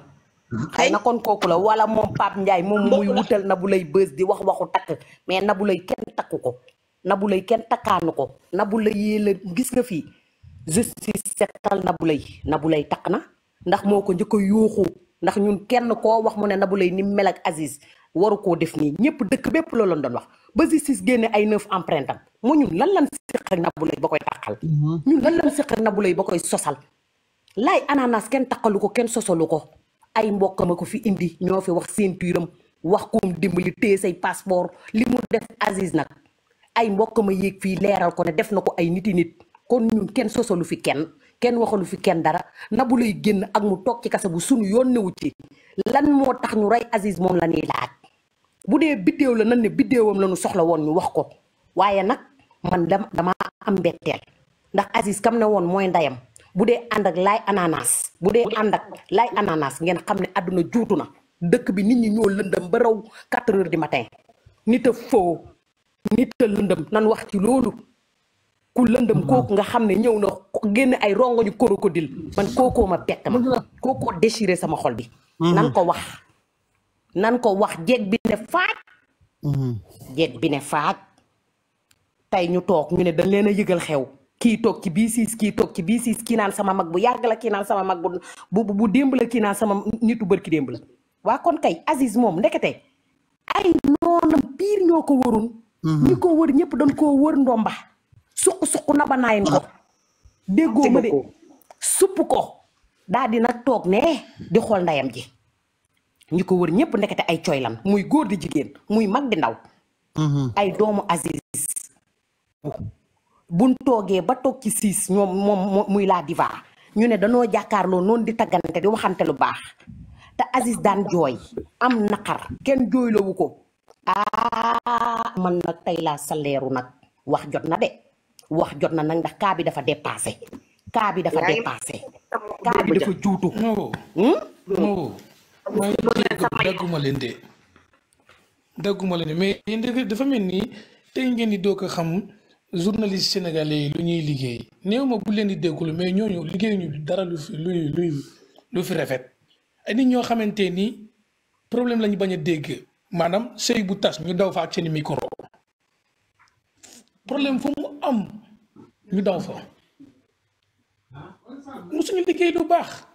xëy na kon kooku la wala moom Pape Ndiaye moom muy wutal Nabou Leye bës di wax waxu takk mais Nabou Leye kenn takku ko Nabou Leye kenn takkaanu ko Nabou Leye yée la gis nga fii justice setal Nabou Leye Nabou Leye takk na ndax moo ko njëkk a yuuxu ndax ñun kenn koo wax mu ne Nabou Leye ni mel ak Aziz waru koo def nii ñëpp dëkk bépp loolu lañ doon wax ba justice génne ay neuf empreinte am mu ñun lan lan siq ak Nabou Leye ba koy tàqal mhm. lan lan siq ak Nabou Leye koy sosal laay ananas kenn taqalu ko kenn sosalu ko ay mbokkama ko fi indi ñoo fi wax seen turam wax koom dimbali téye say passeport li mu def Aziz nag ay mbokkama yéeg fii leeral ko ne def na ko ay niti nit kon ñun kenn sosalu fi kenn kenn waxalu fi kenn dara nabu Leye génn ak mu toog ci kasa bu sunu yoon newu ci lan moo tax ñu rey Aziz moom la ñuy bu dee biddéew la nan ne biddéewam la ñu soxla woon ñu wax ko waaye nag man dama dama am mbetteel ndax Aziz kam ne woon mooy ndeyam bu dee ànd ak laay ananas bu dee ànd ak laay ananas ngeen xam ne àdduna juutu na dëkk bi nit ñi ñoo lëndëm ba raw 4 heures du matin nit a foo nit a lëndëm nan wax ci loolu ku lëndëm mm-hmm. kooku nga xam ne ñëw na génn ay rongoñu krokodil man kookoo ma bett ma mm-hmm. kookoo déchiré sama xol bi nan mm-hmm. ko wax nan ko wax jeeg bi ne faaj mm-hmm. bi ne faaj tey ñu toog ñu ne dañ leen a yëgal xew kii toog ci bii siis kii toog ci bii siis kii naan sama mag bu yàgg la kii naan sama mag bu bu bu démb la kii naan sama nitu bërki démb la waa kon kay Aziz moom ndekete ay noonam biir ñoo ko wërun mm-hmm. ñi ko wër ñépp dañ koo wër ndomba suq-suq na ba naayin ko déggoo ma de supp ko daal di toog ne di xool ndayam ji ñu ko wër ñépp ndekete ay coy lan muy góor di jigéen muy mag di ndaw. Mm-hmm. ay doomu Aziz. buñ toogee ba toog ci siis ñoom muy laa diva ñu ne danoo jàkkaarloo noonu di taggante di waxante lu baax te Aziz daan jooy am naqar kenn jooylawu ko. ah man nag tey laa saleeru nag wax jot na de wax jot na nag ndax kaa bi dafa dépassé. kaa bi dafa dépassé. kaa dafa juutu. Hmm? dagguma leen de dagguma leen de mais yéen dafa mel nii tey ngeen di doog a xam journaliste sénégalais yi lu ñuy liggéey néew ma bu leen di déggul mais ñooñu liggéeyuñu dara lu fi luy luy lu fi rafet ay nit ñoo xamante nii problème lañu bañ a dégg maanaam sëy bu tas ñu daw fa ak seeni micro problème fu mu am ñu daw fa musuñu liggéey lu baax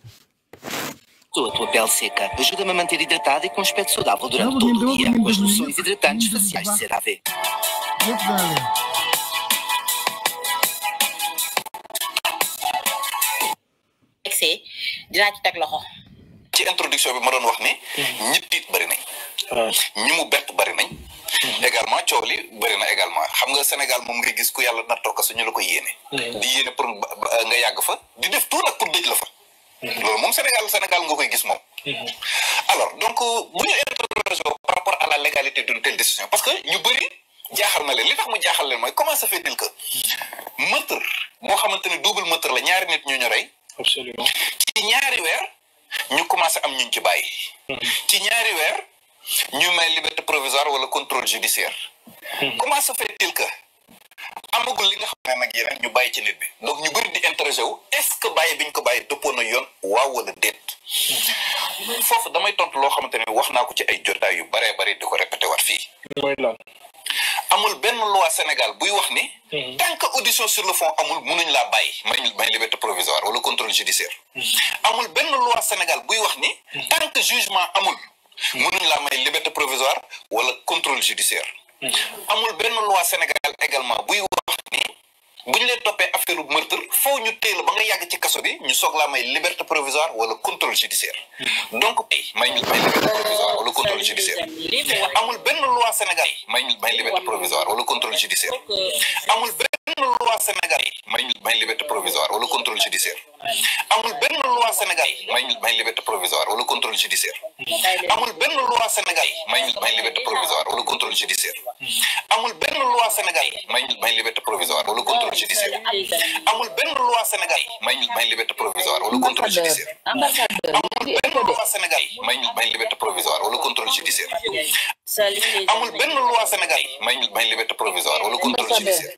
Estou a tua pele seca. Ajuda-me a manter hidratada e com um aspecto saudável durante todo o dia com as noções hidratantes faciais de CeraVe. see dinaa ci teg loxo. ci introduction bi ma doon wax ni. ñi tiit bëri nañ. ñi mu bett bëri nañ. également coow li bëri na également xam nga Sénégal moom nga gis ku yàlla nattoo ko suñu la ko yéene. di yéene pour nga yàgg fa di def tout nag pour dëj la fa. loolu moom Sénégal Sénégal nga koy gis gitu, moom. alors donc bu ñu interrogé par rapport à la légalité d'une telle décision parce que ñu bëri jaaxal na leen li tax mu jaaxal leen mooy comment ça fait-il que meurtre boo xamante double meurtre la ñaari nit ñu ñu rey. absolument ci ñaari weer ñu commencé am ñu ci bàyyi. ci ñaari weer ñu may liberté provisoire wala contrôle judiciaire. Mhm. comment ça fait-il que. amagul li nga xam ne nag yeneen ñu bàyyi ci nit bi donc ñu bëri di intéressé wu est bàyyi bi ko bàyyi dëppoo na yoon waaw wala déet mm-hmm. foofu damay tontu loo xamante ne wax naa ko ci ay jotaay yu baree bari di ko répété waat fii amul benn loi Sénégal buy wax ni mm-hmm. tant que audition sur le fond amul mënuñ laa bàyyi may may liberté provisoire wala contrôle judiciaire mm-hmm. amul benn loi Sénégal buy wax ni tant que jugement amul mënuñ laa may liberté provisoire wala contrôle judiciaire amul benn loi Sénégal également buy wax ni bu ñu leen toppee affaire bu meurtre foo ñu téye la ba nga yàgg ci kaso bi ñu soog may liberté provisoire wala contrôle judiciaire donc tey may ñu may liberté provisoire wala contrôle judiciaire amul benn loi Sénégal may ñu may liberté provisoire wala contrôle judiciaire amul benn benn loi Sénégal may may liberté provisoire wala contrôle judiciaire amul benn loi Sénégal may may liberté provisoire wala contrôle judiciaire amul benn loi Sénégal may may liberté provisoire wala contrôle judiciaire amul benn loi Sénégal may may liberté provisoire wala contrôle judiciaire amul benn loi Sénégal may may liberté provisoire wala contrôle judiciaire amul benn loi Sénégal may may liberté provisoire wala contrôle judiciaire amul benn loi Sénégal may may liberté provisoire wala contrôle judiciaire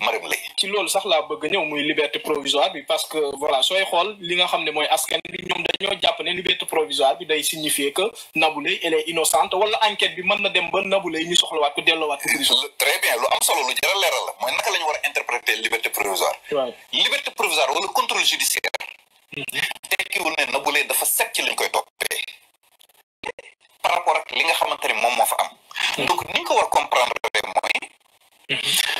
Mariam Lay ci loolu sax laa bëgg ñëw muy liberté provisoire bi parce que voilà sooy xool li nga xam ne mooy askan bi ñoom dañoo jàpp ne liberté provisoire bi day signifier que Nabou Leye elle est innocente wala enquête bi mën na dem ba Nabou Leye ñu soxlawaat ko delloowaat ko prison. très bien lu am solo lu jar a leeral la mooy naka la ñu war a interpréter liberté provisoire. liberté provisoire wala contrôle judiciaire. Mhm. tekkiwul ne Nabou Leye dafa set ci liñ koy toppee. par rapport ak li nga xamante ne moom moo fa am. ko war comprendre mooy. Mhm.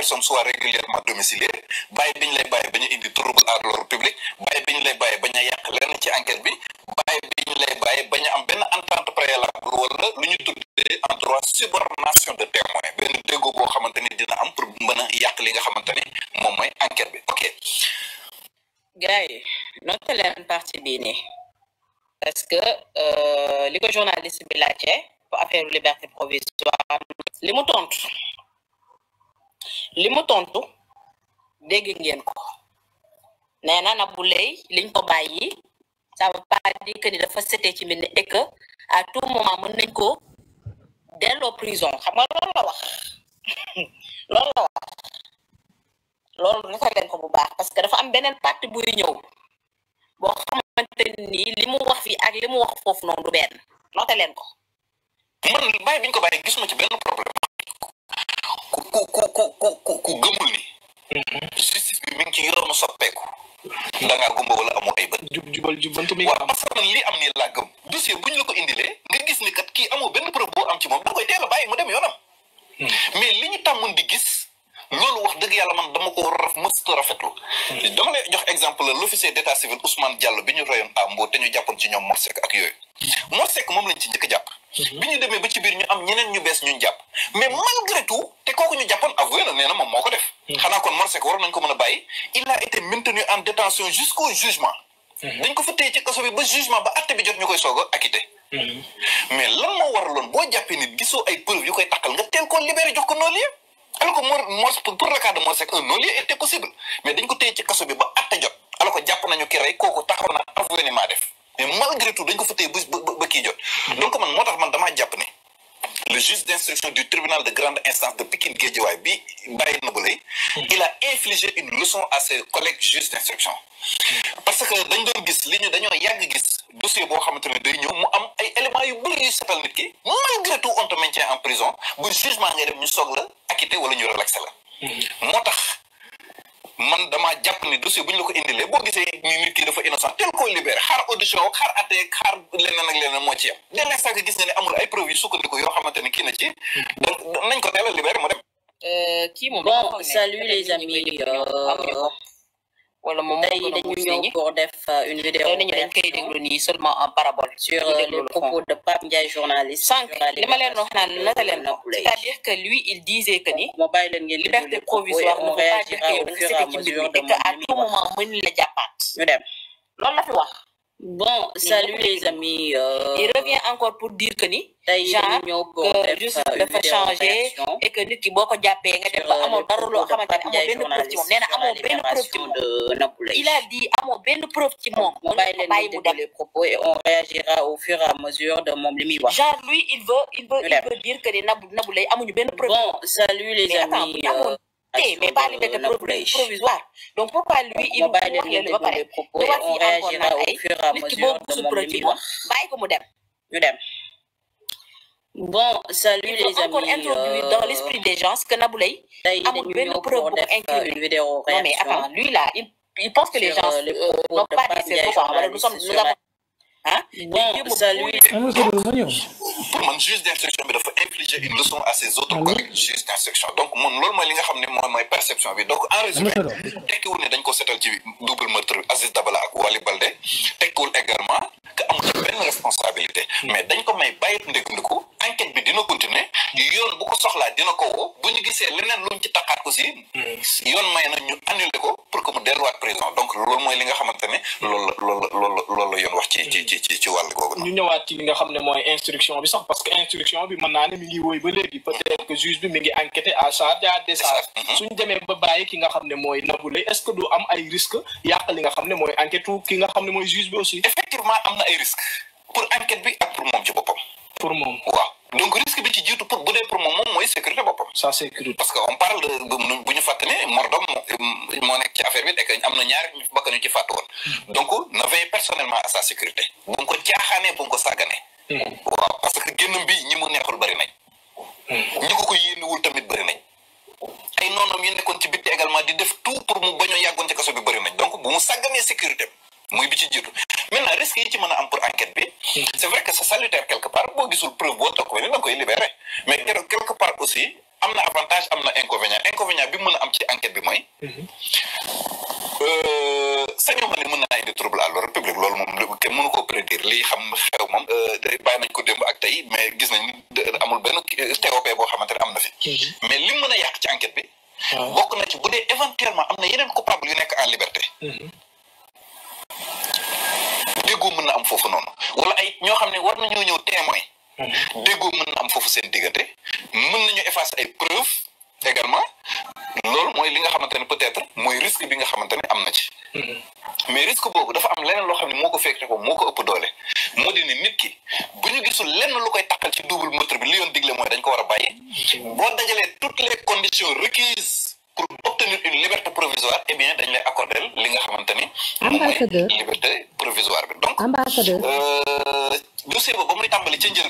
Gerson Suárez dégg ngeen ko nee na bu Leye liñ ko bàyyi yi veut pas dire que ni dafa setee ci mbir mi et que à tout moment mën nañ ko delloo prison xam nga loolu la wax loolu la wax loolu naka leen ko bu baax parce que dafa am beneen parti buy ñëw boo xamante ni li mu wax fii ak li mu wax foofu noonu du benn noté leen ko. man bàyyi bi ñu ko bàyyi gisuma ci benn problème ku ku ku ku ku gëmul sisi min ci yoro sa pekku da wala amu ay bët jub jubal jubantu mi nga am parce que li am ni la dossier buñ la indilé nga gis ni kat ki amu benn preuve bo am ci mom da koy téla bayyi mu dem yoonam mais li ñu di gis wax man dama ko raf mësta rafetlu dama lay jox exemple l'officier d'état civil Ousmane Diallo bi ñu rayon te ñu ci Morsek ak moo sekk moom lañ ci njëkk a jàpp. Mhm. bi ñu demee ba ci biir ñu am ñeneen ñu bees ñun jàpp mais malgré tout te kooku ñu jàppoon avoué na nee na moom moo ko def. Mhm. xanaa kon Mor Seck waroon nañ ko mën a bàyyi il a été maintenu en détention jusqu'au jugement. Mhm. dañ ko fa téye ci kaso bi ba jugement ba atte ñu koy soog a acquitté. mais lan moo waraloon boo jàppee nit gisoo ay preuve yu koy takkal nga teel koo libéré jox ko non-lieu alors que Mor pour le cas de Mor Seck possible mais dañ ko téye ci kaso bi ba atte jot alors que jàpp nañu ki rey kooku taxaw na avoué maa def. mais malgré tout dañ ko fa téye ba ki jot. donc man motax man dama japp né le juge d'instruction du tribunal de grande instance de Pikine Guédiawaye bi Mbaye Naboulaye. il a infligé une leçon à ses collègues juges d'instruction. parce que dañ doon gis li ñu dañoo yàgg gis dossier bo xamante day ñëw mu am ay éléments yu bëri yu setal nit ki malgré tout on te maintient en prison bu jugement ngay dem ñu soog la acquitté wala ñu relaxé la. Mm-hmm. motax man damaa jàpp ni dossier bu ñu la ko indilee boo gisee ni nit ki dafa innocent tel koy libéré xaar audition ak xaar atte xaar leneen ak leneen moo ci yem dès l'instant que gis na ne amul ay preuve yu sukkandiku yoo xamante ne kii na ci nañ ko teel a libéré mu dem. Euh, kii moom bon salut les amis. wala moom tey dañu ñëw pour def euh, une vidéo dañ dañ koy déglu ni seulement en parabole sur le propos de Pape Ndiaye journaliste sank li ma leen wax naan la leen na c'est-à-dire que lui il disait que ni moo bàyyi leen ngeen liberté provisoire ne veut pas dire que yow danga sekk que à tout moment mën la jàppaat ñu dem loolu la fi wax bon salut les amis il euh, revient encore pour dire que ni genre juste euh, dafa changé et que nit ki boo ko jàppee nga def ba amoo dara loo xamante ne amoo benn preuve ci moom nee na amoo benn preuve ci moom il a dit amoo benn preuve ci moom on bàyyi mu dem propos et on réagira au fur et à mesure de mon li muy lui il veut il veut il veut dire que ne Nabou Nabou Leye amuñu benn preuve bon salut les amis mais pas les liberté provisoire. Donc pourquoi lui, il va aller le propos et on réagira au fur et à mesure de mon bon salut les amis encore introduire dans l'esprit des gens ce que Naboulaye a montré preuve bu introduire non mais attends lui là il il pense que les gens euh, euh, n'ont pas dit c'est faux nous sommes nous avons ah bon salut hein, man juge d'instruction il faut infliger une leçon à ses autres collègues juge d'instruction donc mon loolu mooy li nga xam perception bi donc en résumé dès que dañ ko seetal ci double meurtre Aziz Dabala ak Wali Baldé tekkiwul également que amul une responsabilité hmm. mais dañ ko may bàyyi ndegandiku enquête bi dina continuer yoon bu ko soxlaa dina ko woo bu ñu gisee leneen luñ ci taxaat aussi yoon may na ñu annulé ko pour que mu delluwaat prison donc loolu mooy li nga xamante ne loolu la yoon wax ci ci ci ci wàll googu ñu ñëwaat ci li nga xam ne mooy instruction bi sax parce que instruction bi mën naa ne mi ngi wooy ba léegi peut-être que juge bi mi ngi enquêté à charge et à décharge suñ demee ba bàyyi ki nga xam ne mooy Nabou Leye est-ce que du am ay risque yàq li nga xam ne mooy enquête ki nga xam ne mooy juge bi aussi am na ay risque pour enquête bi ak pour boppam pour moom waaw donc risque bi ci jiitu pour bu dee pour moom moom mooy sécurité boppam. sa sécurité parce que on parle bu ñu fàtte ne mordom moo nekk ci affaire bi dekk am na ñaari bakkan ñu ci fàttu woon hmm. donc na veille personnellement à sa sécurité bu nga ko caaxaanee bu nga ko sàgganee hmm. waaw parce que génnam bi ñi mu neexul bëri nañ hmm. ñi ko ko yéenewul tamit bëri nañ ay noonam yu nekkoon ci bitti également di def tout pour mu bañ a yàggoon ci kaso bi bëri nañ donc bu mu sàgganee sécurité muy bi ci jiitu maintenant risque yi ci mëna am pour enquête bi c'est vrai que ça salutaire quelque part bo gisul preuve boo toog ni nakoy nga libéré mais quelque part aussi amna avantage amna inconvénient inconvénient bi mëna am ci enquête bi moy euh sañu ne mëna ay de trouble à l'ordre public mom lu kenn mënu ko prédire li xam xew mom euh day bay nañ ko demb ak tay mais gis nañ amul ben TOP bo xamanteni amna fi mais li mëna yak ci enquête bi hmm. bokku ah. na ci boudé éventuellement amna yenen coupable yu nek en liberté déggoo mën na am foofu noonu wala ay ñoo xam ne war nañoo ñëw témoin mm-hmm. déggoo mën na am foofu seen diggante Euh, dossier boobu ba muy tàmbali ca njël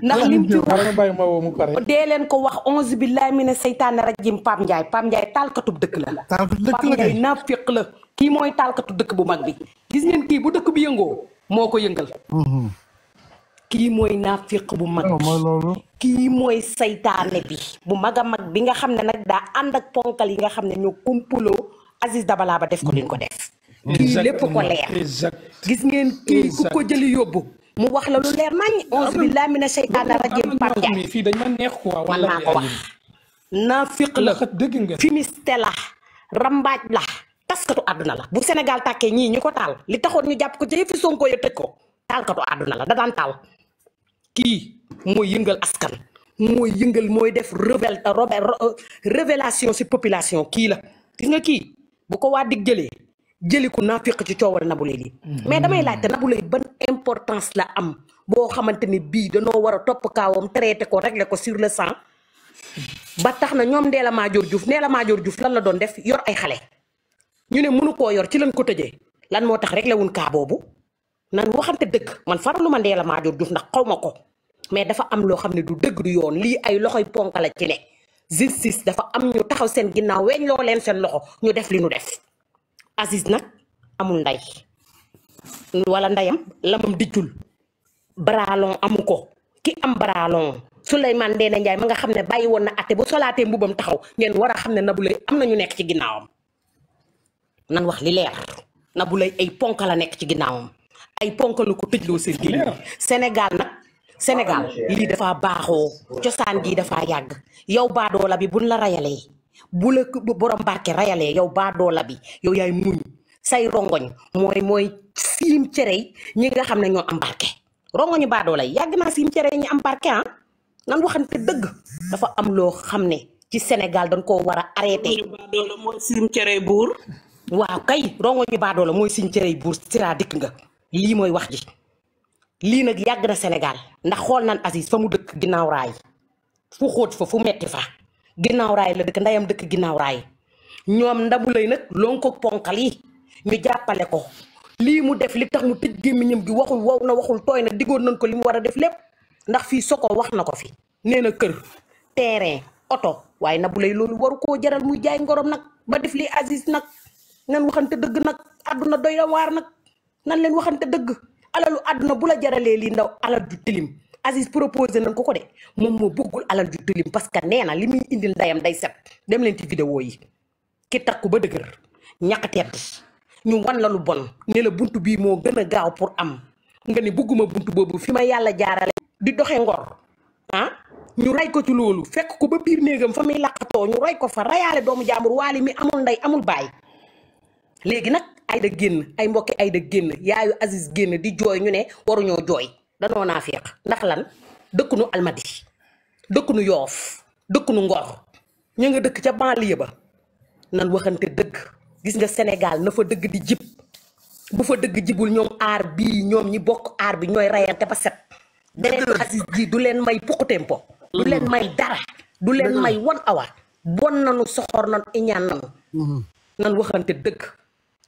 ndax lim ci wax de len ko wax onze billahi mina seytaane rajim Pam Ndiaye Pam Ndiaye taalkatub deuk la nafiq la ki moy taalkatu deuk bu mag bi gis ngeen ki bu deuk bi yengo moko yengal mm-hmm. ki moy nafiq bu mag ki oh, moy mooy bi bu maga mag bi nga xam nak da and ak ponkal yi nga xam ñu kumpulo Aziz Dabala ba def ko liñ ko def kii lepp ko leer gis ngeen ki ku ko jëli yobbu mu wax la lu leer nañ onze billahi mina seytaana rajim par fii dañ ma neex quoi wala maa ko wax naafiq la dëgg nga la rambaaj la taskatu àdduna la bu Sénégal takkee ñii ñu ko taal li taxoon ñu jàpp ko ci yëfi Sonko ya tëj ko taalkatu àdduna la da daan taal kii mooy yëngal askan mooy yëngal mooy def euh, révélation si population kii la gis nga kii bu ko waa dig jëlee jëli ko naafiq ci coowal nabu Leye li mm-hmm. mais damay laajte Nabou Leye ban importance la am boo xamante ni bii danoo war a topp kaawam traité ko réglé ko sur le sang ba tax na ñoom Ndella Madior Diouf Ndella Madior Diouf lan la doon def yor ay xale ñu ne mënu koo yor ci lañ ko tëjee lan moo tax réglé wuñ kaa boobu nan waxante dëgg man faralu ma Ndella Madior Diouf ndax xaw ma ko mais dafa am loo xam ne du dëgg du yoon lii ay loxoy ponk la ci ne justice dafa am ñu taxaw seen ginnaaw weñ loo leen seen loxo ñu def li ñu def Aziz nag amul nday wala ndayam lamam dijjul bralon amu ko ki am bralon Souleymane Ndéné Ndiaye ma nga xam ne bàyyi woon na atte bu solaatee mbubam taxaw ngeen war a xam ne Nabou Leye am na ñu nekk ci ginnaawam nan wax li ay ponk la nekk ci ginnaawam ay ponk la ko tëjloo seen géej Sénégal nag Sénégal lii dafa baaxoo cosaan gi dafa yàgg yow baadoola bi buñ la rayalee bu la borom barke rayalee yow baadoola bi yow yaay muñ say rongoñ mooy mooy siim cere xam ne ñoo am barke rongoñu baadoola yi yàgg naa siim cere ñi am barke ah nan waxante dëgg dafa am loo xam ne ci Sénégal dañ koo war a mooy siim cere buur. waaw kay rongoñu baadoola mooy siim cere buur sira dikk nga lii mooy wax ji lii nag yàgg na Sénégal ndax xool nan Aziz fa mu dëkk ginnaaw raay fu xóot fa fu metti fa. ginnaaw raay la dëkk ndeyam dëkk ginnaaw raay ñoom ndabu lay nag lonko ponkal yi ñu jàppale ko lii mu def li tax mu tëj gémmiñam gi waxul wow na waxul tooy na diggoon nañ ko li mu war a def lépp ndax fii soko wax na ko fi nee na kër terrain oto waaye ndamu lay loolu waru ko jaral muy jaay ngorom nag ba def lii Aziz nag nan waxante dëgg nag àdduna doy na waar nag nan leen waxante dëgg alalu àdduna bu la jaralee lii ndaw alal ju tilim Aziz proposé nañ ko ko de moom moo bëggul alal ju tilim parce que nee li muy indil ndeyam day set dem leen ci vidéo yi ki takku ba dëgër ñaq tedd ñu wan la lu bon ne la bii moo gën a gaaw pour am nga ne bëgguma bunt boobu fi ma yàlla jaarale di doxe ngor ah ñu rey ko ci loolu fekk ko ba biir néegam fa muy laqatoo ñu rey ko fa reyaale doomu jaambur waali mi amul ndey amul baay léegi nag Aïda génn ay mbokki ayda génn yaayu Aziz génn di jooy ñu ne waruñoo jooy danoo naa féeq ndax lan dëkk nu almadi dëkk nu yoof dëkk nu ngor ñu nga dëkk ca banlieue ba nan waxante dëgg gis nga Sénégal na fa dëgg di jib bu fa dëgg jibul ñoom aar bii ñoom ñi bokk aar bi ñooy rayante ba set beneen Aziz ji du leen may puquteem po du leen may dara du leen may wan awa bon nu soxor nanu iñaan nanu mm-hmm. nan waxante dëgg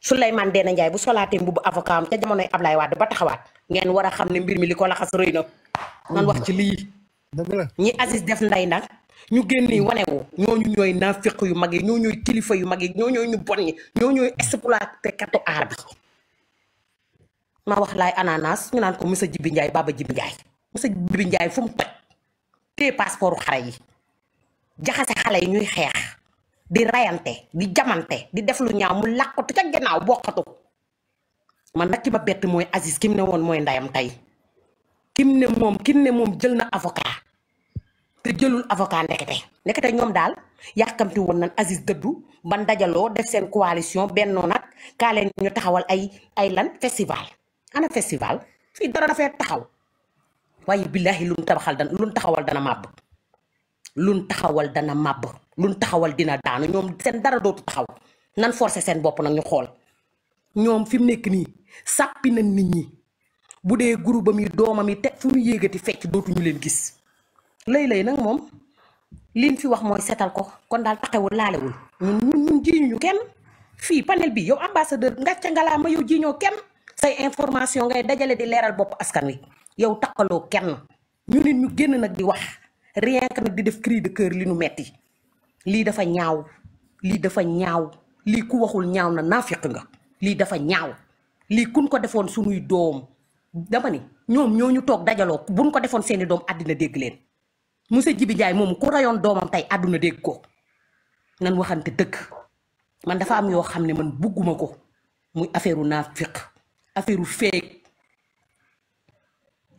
su lay man dee na Ndiaye bu solaatee mbubu avocat am ca jamonoy Ablaye Wade ba taxawaat ngeen war a xam ne mbir mi li ko laxas rëy na. nan wax ci lii. ñi Aziz def nday nag ñu génn wane wu ñooñu ñooy naafiq yu mag yi ñoo ñooy kilifa yu mag yi ñoo ñooy ñu bon ñi ñoo ñooy exploité katu aar bi. ma wax laay ananas ñu naan ko Moussa Jibi Ndiaye Baba Jibi Ndiaye Moussa Jibi Ndiaye fu mu toj. téye passeport xare yi jaxase xale yi ñuy xeex. di rayante di jamante di def lu ñaaw mu làkkatu ca gannaaw bokkatu man nag ki ma bett mooy Aziz kim ne woon mooy ndayam tey kim ne moom kim ne moom jël na avocat te jëlul avocat ndekete ndekete ñoom daal yàkkamti woon na Aziz dëddu ban dajaloo def seen coalition bennoo nag kaa leen ñu taxawal ay ay lan festival ana festival fii dara dafay taxaw waaye billaahi lu mu tabaxal dana lu mu taxawal dana màbb Lun taxawal dana mab, lun taxawal dina daanu ñom sen dara dootu taxaw nan forcer sen bop nak ñu xol ñom fi mu nekk nii sàppi nit ñi bu dee guru am yi doomam yi teg fu ñu yéegati fecc dootuñu leen gis lay lay nak mom, liñ fi wax moy sétal ko kon daal taxawul laalewul ñun ñun jiñu kenn fi panel bi yow ambassadeur ngala ma yow jiño kenn say information ngay dajale di léral bop askan wi yow takalo kenn ñu nit ñu genn nak di wax rien que nag di def cri de cœur li nu metti lii dafa ñaaw lii dafa ñaaw lii ku waxul ñaaw na naafiq nga lii dafa ñaaw lii kun ko defoon sunuy doom dama ni ñoom ñoo ñu toog dajaloo buñ ko defoon seeni doom àddina dégg leen monsieur Jibi Njaay moom ku rayoon doomam tey àdduna dégg ko nan waxante dëgg man dafa am yoo xam ne man bugguma ko muy affaire u naafiq affaire u feek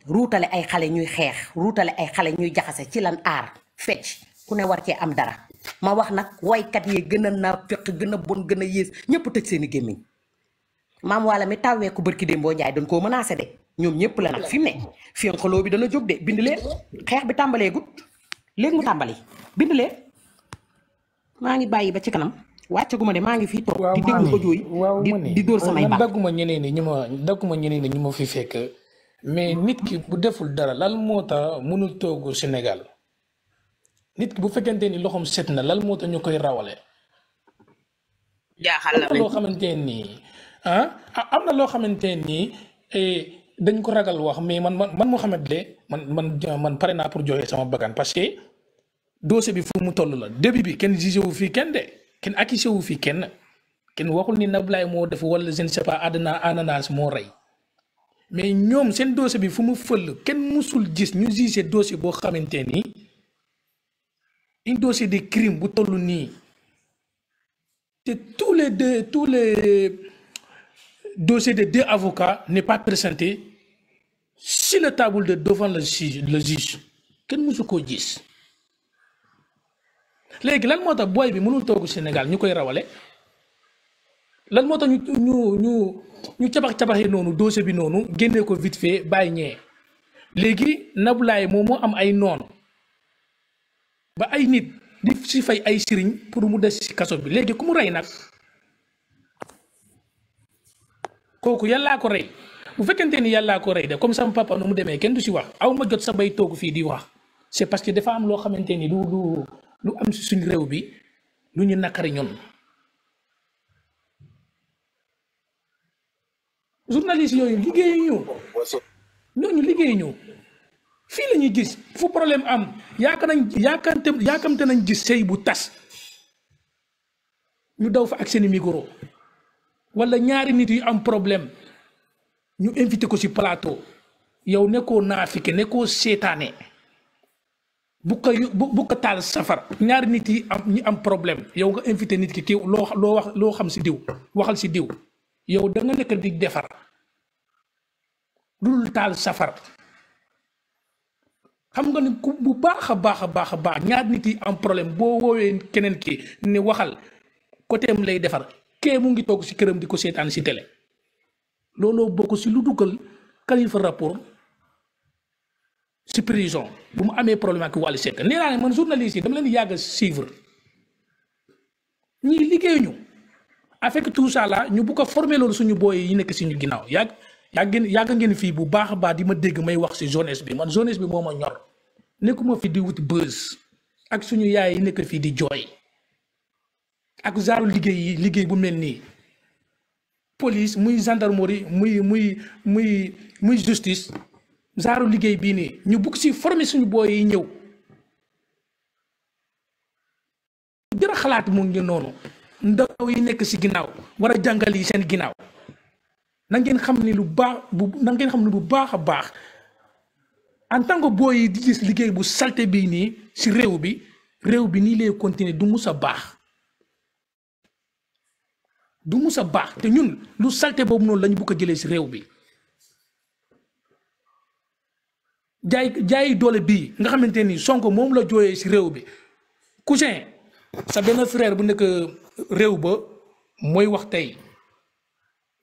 ruutale ay xale ñuy xeex ruutale ay xale ñuy jaxase ci lan aar fecc ku ne war cee am dara ma wax nag woykat yee gën a naa fekk gën a bon gën a yées ñëpp tëj seen i gémmiñ maam wala mi tawwee ko bërki démboo njaay dañ koo menacé de ñoom ñëpp la nag fi mu ne fénqaloo bi dana jóg de bind leen xeex bi tàmbalee gut léegi mu tàmbali bind leen maa ngi bàyyi ba ci kanam wàcce gu ma ne maa ngi fii toog di déglu audio yi di dóor samay baat dagguma ñeneen ñi ñu ma dagguma ñeneen ñi ñu ma fi fekk mais nit ki bu deful dara lal mota munul togu senegal nit ki bu fekente ni loxom setna lal mota ñukoy rawale ya xal rawale Ya la lo xamanteni nii ah, ah amna na loo xamante nii eh, dañ ko ragal wax mais man man man Le man man man paré na pour joxe sama bagan. parce que dossier bi fu mu toll la début bi ken jige wu fi ken de ken akise wu fi ken ken waxul ni nablay mo def wala je ne sais pas ananas mo ray mais nous, seen dossier bi fu mu musul gis ñu dossier boo un dossier de crime tous les deux tous les dossiers de deux avocats n'est pas présenté sur la table de devant le juge le juge kenn musu ko gis léegi lan moo tax bi Sénégal Nous koy rawale lan moo ñu cabax cabaxee noonu dossier bi noonu génnee ko vite fait bàyyi léegi Nabulaay moom moo am ay noon ba ay nit di si fay ay sëriñ pour mu des si kaso bi léegi ku mu rey nag kooku yàllaa ko rey bu fekkente ni yàllaa ko rey de comme sama papa nu mu demee kenn du si wax aw ma jot sa bay toog fii di wax c'est parce que dafa am loo xamante ni du du lu am si suñ réew bi lu ñu naqari ñun. journaliste yooyu liggéeyuñu ñooñu liggéeyuñu fii la ñuy gis fu problème am yaakaar nañ yaakaante yaakamte nañ gis sëy bu tas ñu daw fa ak seeni micro wala ñaari nit yu am problème ñu invité ko ci palaato yow nekkoo naafike nekkoo seetaane bu ko bu ko taal safar ñaari nit yi am ñi am problème yow nga invité nit ki kii loo loo loo xam si diw waxal si diw yow da nga nekk di defar dul taal safar xam nga ni ku bu baax a baax a baax a baax ñaar nit yi am problème boo woowee keneen ki ni waxal côtéem lay defar kee mu ngi toog si këram di ko seetaan si télé Lolo bokk si lu dugal Khalifa rapport si prison bu mu amee problème ak Wally Seck nee naa ne man journaliste yi dama leen yàgg suivre ñii liggéeyuñu avec tout ça là ñu bu ko former loolu suñu booy yi nekk si ñu ginnaaw yàgg yàgg ngeen yàgg fii bu baax a di ma dégg may wax si jeunesse bi man jeunesse bi moo ma ñor nekkuma fii di wut buzz ak suñu yaay yi nekk fii di jooy ak zaaru liggéey yi liggéey bu mel nii police muy gendarmerie muy muy muy muy justice zaaru liggéey bii nii ñu bukk si former suñu booy yi ñëw jërë xalaat mu ngi noonu ndaw yi nekk si ginnaaw war a jàngal yi seen ginnaaw nangeen xam ni lu baax bu na xam ni bu baax a baax en tant que booy yi di gis liggéey bu salte bii nii si réew bi réew bi nii lay continuer du mus a baax du mus a baax te ñun lu salte boobu noonu lañu bëgg a jëlee si réew bi jaay jaayi doole bi nga xamante ni Sonko moom la jooyee si réew bi cousin sa benn frère bu nekk réew ba mooy wax tey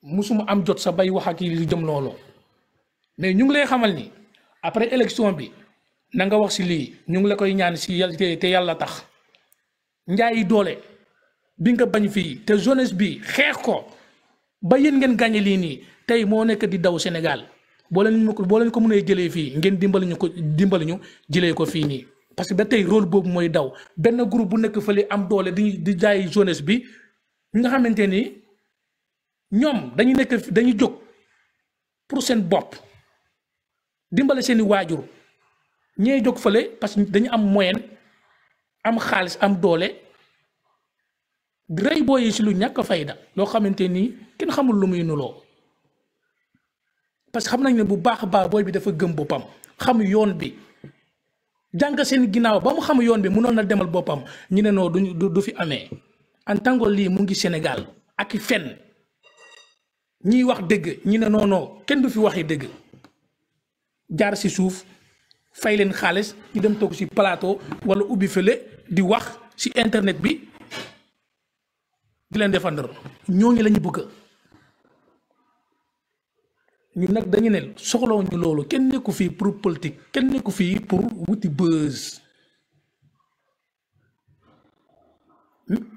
musuma am jot sa bay wax ak li jëm looloo mais ñu ngi lay xamal ni après élection bi nanga wax si lii ñu ngi la koy ñaan si yàlla te yàlla tax njaayi doole bi nga bañ fii te jeunesse bi xeex ko ba yéen ngeen gàññe lii nii tey moo nekk di daw Sénégal boo leen boo leen ko mënee jëlee fii ngeen dimbali ñu ko dimbali ñu jëlee ko fii nii. parce que ba tey rôle boobu mooy daw benn groupe bu nekk fële am doole di di jaayi jeunesse bi ñu nga xamante ni ñoom dañu nekk dañu jóg pour seen bopp dimbale seeni waajur ñee jóg fële parce que dañu am moyen am xaalis am doole rey booy si lu ñàkk fayda loo xamante nii kenn xamul lu muy nuloo parce que xam nañ ne bu baax a baax booy bi dafa gëm boppam xam yoon bi. jànk seen ginnaaw ba mu xam yoon bi mënoon na demal boppam ñu ne noo duñu du fi amee en tant lii mu ngi senegaal ak i fen ñiy wax dëgg ñi ne noonoo kenn du fi waxi dëgg jaar si suuf fay leen xaalis ñu dem toog si palaatoo wala ubbi fële di wax si internet bi di leen défendre ñooñu la lañu bëgg ñu nag dañu ne soxlawu ñu loolu kenn nekku fii pour politique kenn nekku fii pour wuti buzz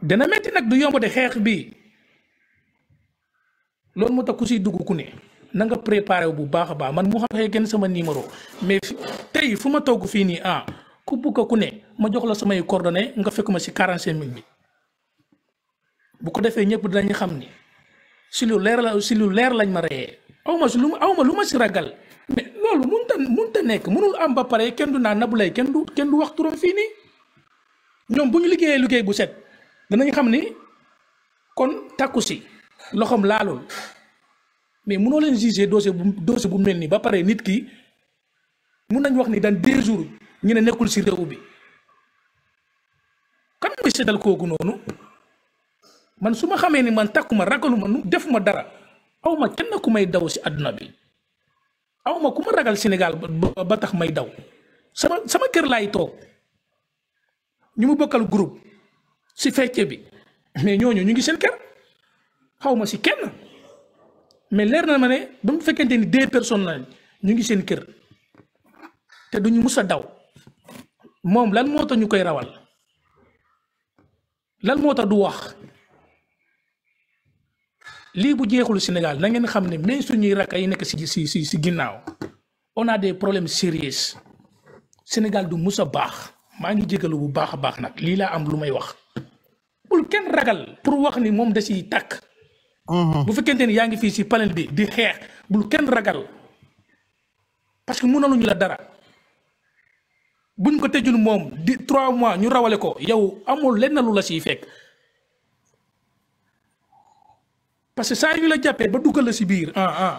dana metti nag du yomb de xeex bi loolu mu tax ku siy dugg ku ne na nga préparé bu baax a man mu xam gen sama numéro mais tey fu ma togg fii nii ah ku bugg ku ne ma jox la samay coordonnées nga fekk ma si quarante mille bi bu ko defee ñëpp xam ni lu leer la si lu leer lañ ma reyee aw ma lu aw ma lu ma si ragal mais ta mun ta nek munul am ba pare ken du naan nabulay ken du ken du waxtu turam fii nii ñoom bu liggéey bu set dañu xam kon takusi, si loxom laalul mais mënoo leen juger dossier bu dossier bu mel nii ba pare nit ki mun nañ wax ni deux jours ñu ne nekkul si réew bi kan mooy seetal kooku noonu man su ma xamee ni man takkuma ragaluma nu defuma dara awma kenn ku may daw si àdduna bi awma ku ma ragal Sénégal ba tax may daw sama sama kër laay toog ñu mu bokkal groupe si fecce bi mais ñooñu ñu ngi seen kër xawma si kenn mais leer na ma ne ba mu fekkente ni deux personnes la ñu ngi seen kër te duñu mus a daw moom lan moo tax ñu koy rawal lan moo tax du wax li bu jeexul Senegal, na ngeen xamne ne suñuy rakk ay nek ci ci ci ginnaw on a des problèmes sérieux senegal du musa bax ma ngi jégalu bu baax bax nak, li la am lu may wax bul ken ragal pour wax ni tak, da ci tak mhm. bu fekkene ni ngi fii si panel bi di xex bul ken ragal parce que ñu la dara buñ ko tejjul mom di 3 mois ñu rawale ko yow amul lenn lu la ci fekk. parce que saa yu la jappé ba duggal ci si biir ah ah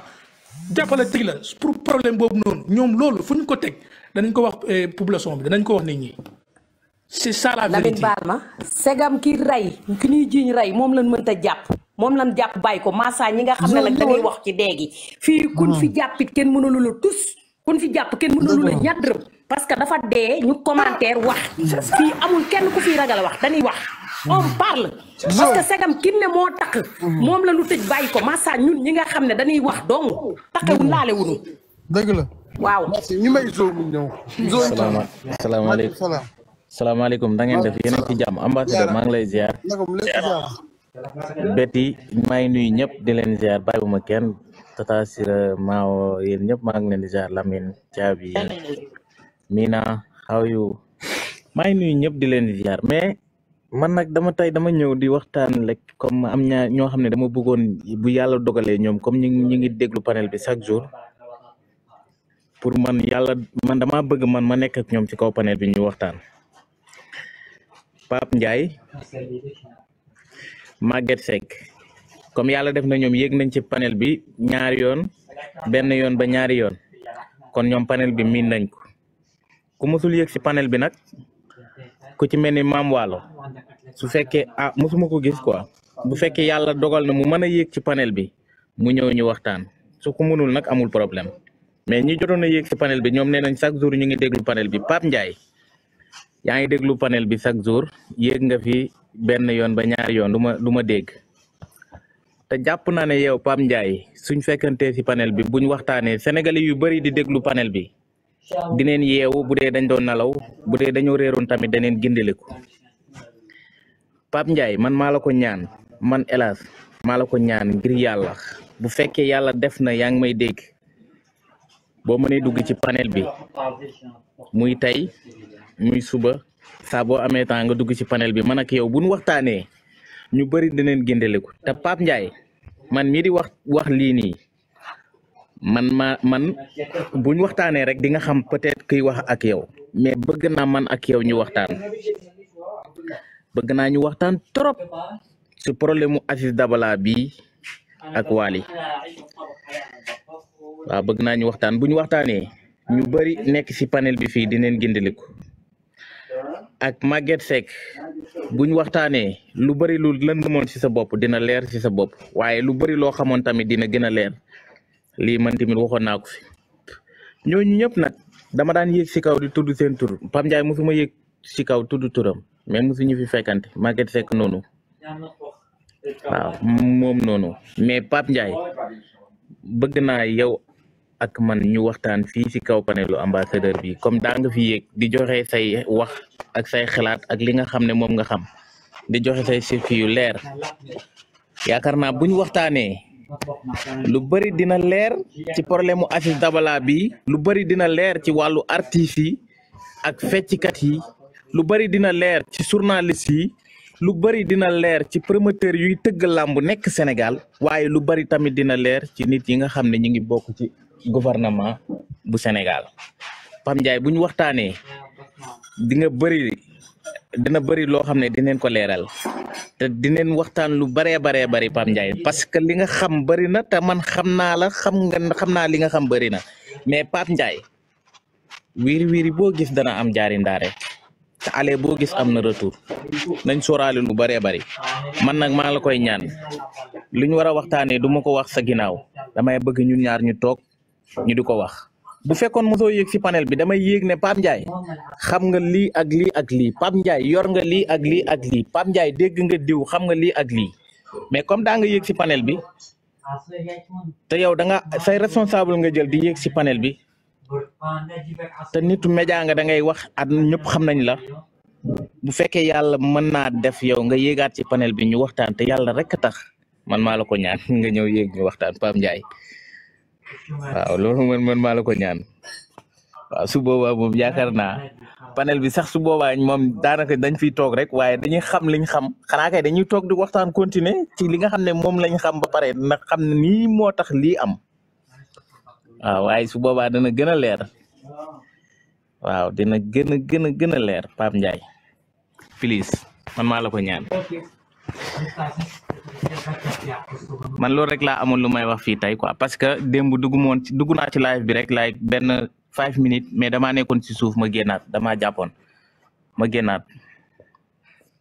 jàppale tëj la pour problème bobu non ñom lolu fuñ ko tek dañ ko wax eh, population bi dañ ko wax nit ñi c'est ça la vérité Lamine baal ma segam ki ray ki ñuy jiiñ ray mom lañ mënta japp mom lañ japp bay ko massa ñi nga xamné la dañuy wax ci dégg fi kuñ fi ah. jàppit kenn mënu la tous kuñ fi japp kenn mënu la ñaar parce que dafa dé ñu commentaire wax fi amul kenn ku fi ragal wax dañuy wax on parle parce que segam kinne moo takk hmm. moom la ñu tëj bàyyi ko massa ñun ñi nga xam ne dañuy wax dong takkewul laale wuñu dëgg la waaw may zo mu ñëw salaamaaleykum salaamaaleykum def yéen maa ngi lay ziar beti maa ngi nuyu ñëpp di leen ziar bàyyi bu ma tata sira maawo yéen ñëpp maa ngi leen di ziar caabi mina how you maa ngi nuyu ñëpp di leen ziar man nak dama tay dama ñew di waxtaan lek comme am ñaa ño xamne dama bëggoon bu yalla dogalé ñom comme ñi ngi déglu panel bi chaque jour pour man yalla man dama bëgg man ma nekk ak ñom ci kaw panel bi ñu waxtaan pap ndjay maget sek comme yalla def na ñom yegg nañ ci panel bi ñaar yoon ben yoon ba ñaar yoon kon ñom panel bi min nañ ko ku musul yegg ci panel bi nak ku ci mel ni maam waalo su fekkee ah mosuma ko gis quoi bu fekkee yàlla dogal na mu mën a yéeg ci paneel bi mu ñëw ñu waxtaan su ko mënul nag amul problème mais ñu jotoon na yëg ci panel bi ñoom nee nañ chaque jour ñu ngi déglu panel bi Pape Ndiaye yaa ngi déglu paneel bi chaque jour yéeg nga fi benn yoon ba ñaari yoon du ma du ma dégg te jàpp naa ne yow Pape Ndiaye suñ fekkantee si panel bi buñ waxtaanee sénégalais yu bëri di déglu panel bi Dinen yewu budé dañ doon nalaw budé dañu rerun tamit daneen gindeliko pap Ndiaye man maa ko ñaan man hélas maa ko ñaan ngir yalla bu fekke yalla def na yaa ngi may dégg bo mënee dugg ci panel bi muy tay muy suba sa bo amé temps nga dugg ci panel bi man ak yow buñ waxtané ñu bari daneen gindeliko ta pap Ndiaye man mi di wax wax li ni man ma man buñ waxtane rek di nga xam peut-être kuy wax ak yow mais bëgg na man ak yow ñu waxtaan bëgg na ñu waxtaan trop ci problème Aziz Dabala bi ak Wali wa bëgg na ñu waxtaan buñ waxtane ñu bari nekk ci panel bi di neen gëndeliku ak Maguette Seck buñ waxtane lu bari lu lëndëmoon ci sa bop dina leer ci sa bop waye lu bari lo xamone tamit dina gëna lii man tamit waxoon naa ko fi ñooñu ñëpp nag dama daan yéeg si kaw di tudd seen tur Pam Ndiaye mosuma yéeg si kaw tudd turam mais mosuñu fi fekkante Maguette Seck noonu waaw moom noonu mais Pape Ndiaye bëgg naa yow ak man ñu waxtaan fii si kaw panelu ambassadeur bi comme daa nga fi yéeg di joxe say wax ak say xalaat ak li nga xam ne moom nga xam di joxe say si yu leer yaakaar naa buñ waxtaanee. lu bëri dina leer ci problème mu Aziz Dabala bi lu bari dina leer ci wàllu artistes yi ak fecckat yi lu bari dina leer ci journalistes yi lu bëri dina leer ci promoteur yuy tëgg làmb nekk senegal waaye lu bari tamit dina leer ci nit yi nga xam ne ñu ngi bokk ci gouvernement bu Sénégal Pam Ndiaye bu waxtaanee di nga dina bari lo xamne ne dineen ko leral te dineen waxtan lu bare bare bare pam Ndiaye parce que li nga xam bari na te man xamna la xam nga xamna li nga xam bari na mais Pape Ndiaye wir wir bo gis dana am jaari ndare te ale bo gis am na retour nañ sóoraale lu bare bare man nak ma la koy ñaan liñ wara waxtane duma ko wax sa ginaaw damay bëgg ñun ñaar ñu tok ñu diko wax bu fekkoon muso yek ci panel bi damay yek ne pam Ndiaye xam nga li ak li ak li pam Ndiaye yor nga li ak li ak li pam Ndiaye deg nga diw xam nga li ak li mais comme da nga yek ci panel bi te yow da nga say responsable nga jël di yek si panel bi te nitu media nga da ngay wax at ñep xam nañ la bu fekke yalla mën na def yow nga yegaat ci panel bi ñu waxtaan te yalla rek tax man maa la ko ñaan nga ñew yéeg ñu waxtaan pam waaw loolu man man maa la ko ñaan waaw su boobaa moom yaakaar naa panel bi sax su boobaa moom daanaka dañ fi toog rek waaye dañuy xam liñ xam xanaa kay dañuy toog di waxtaan continuer ci li nga xam ne moom lañ xam ba pare ndax xam ne nii moo tax lii am waaw waaye su boobaa dana gën a leer waaw dina gën a gën a gën a leer Pape njaay please man maa ko ñaan man loolu rek laa amul lu may wax fii tey quoi parce que démb dugg moon ci dugg naa ci live bi rek like benn five minutes mais damaa nekkoon ci suuf ma génnaat damaa jàppoon ma génnaat